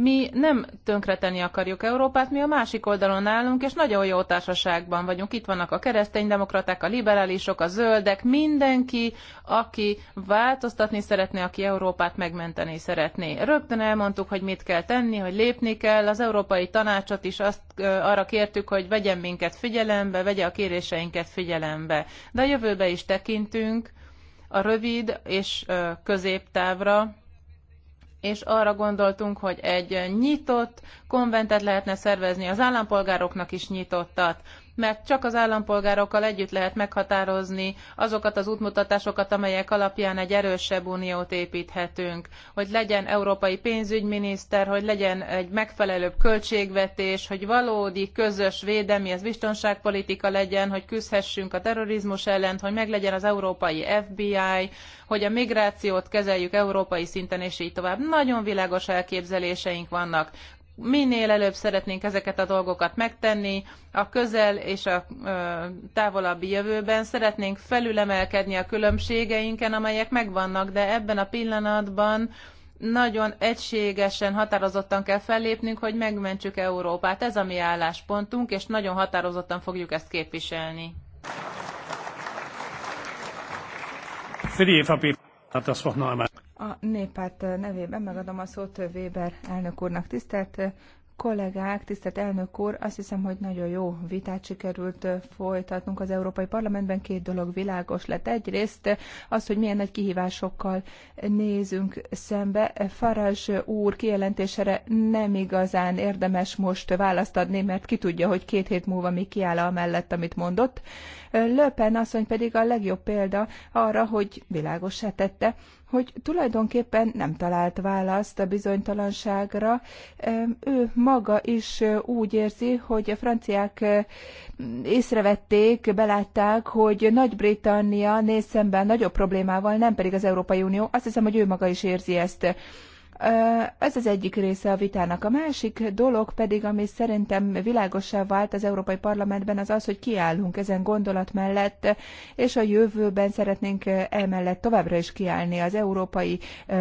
Speaker 2: Mi nem tönkretenni akarjuk Európát, mi a másik oldalon állunk, és nagyon jó társaságban vagyunk. Itt vannak a kereszténydemokraták, a liberálisok, a zöldek, mindenki, aki változtatni szeretné, aki Európát megmenteni szeretné. Rögtön elmondtuk, hogy mit kell tenni, hogy lépni kell. Az Európai Tanácsot is azt arra kértük, hogy vegyen minket figyelembe, vegye a kéréseinket figyelembe. De a jövőbe is tekintünk, a rövid és középtávra, és arra gondoltunk, hogy egy nyitott konventet lehetne szervezni az állampolgároknak is nyitottat, mert csak az állampolgárokkal együtt lehet meghatározni azokat az útmutatásokat, amelyek alapján egy erősebb uniót építhetünk, hogy legyen európai pénzügyminiszter, hogy legyen egy megfelelőbb költségvetés, hogy valódi közös védelmi, ez biztonságpolitika legyen, hogy küzdhessünk a terrorizmus ellen, hogy meglegyen az európai FBI, hogy a migrációt kezeljük európai szinten, és így tovább. Nagyon világos elképzeléseink vannak minél előbb szeretnénk ezeket a dolgokat megtenni, a közel és a távolabbi jövőben szeretnénk felülemelkedni a különbségeinken, amelyek megvannak, de ebben a pillanatban nagyon egységesen, határozottan kell fellépnünk, hogy megmentsük Európát. Ez a mi álláspontunk, és nagyon határozottan fogjuk ezt képviselni.
Speaker 4: Für
Speaker 3: a néppárt nevében megadom a szót Weber elnök úrnak. Tisztelt kollégák, tisztelt elnök úr, azt hiszem, hogy nagyon jó vitát sikerült folytatnunk az Európai Parlamentben. Két dolog világos lett. Egyrészt az, hogy milyen nagy kihívásokkal nézünk szembe. Farage úr kijelentésére nem igazán érdemes most választ adni, mert ki tudja, hogy két hét múlva mi kiáll a mellett, amit mondott. Löpen asszony pedig a legjobb példa arra, hogy se tette, hogy tulajdonképpen nem talált választ a bizonytalanságra. Ő maga is úgy érzi, hogy a franciák észrevették, belátták, hogy Nagy-Britannia néz szemben nagyobb problémával, nem pedig az Európai Unió. Azt hiszem, hogy ő maga is érzi ezt. Ez az egyik része a vitának. A másik dolog pedig, ami szerintem világosá vált az Európai Parlamentben, az az, hogy kiállunk ezen gondolat mellett, és a jövőben szeretnénk emellett továbbra is kiállni az európai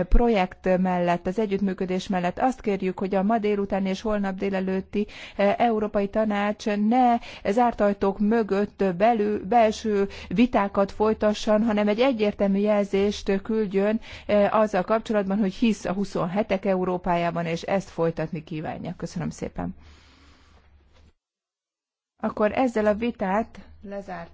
Speaker 3: projekt mellett, az együttműködés mellett. Azt kérjük, hogy a ma délután és holnap délelőtti Európai Tanács ne zárt ajtók mögött belül, belső vitákat folytasson, hanem egy egyértelmű jelzést küldjön azzal kapcsolatban, hogy hisz a 26 hetek Európájában, és ezt folytatni kívánja. Köszönöm szépen. Akkor ezzel a vitát lezárt.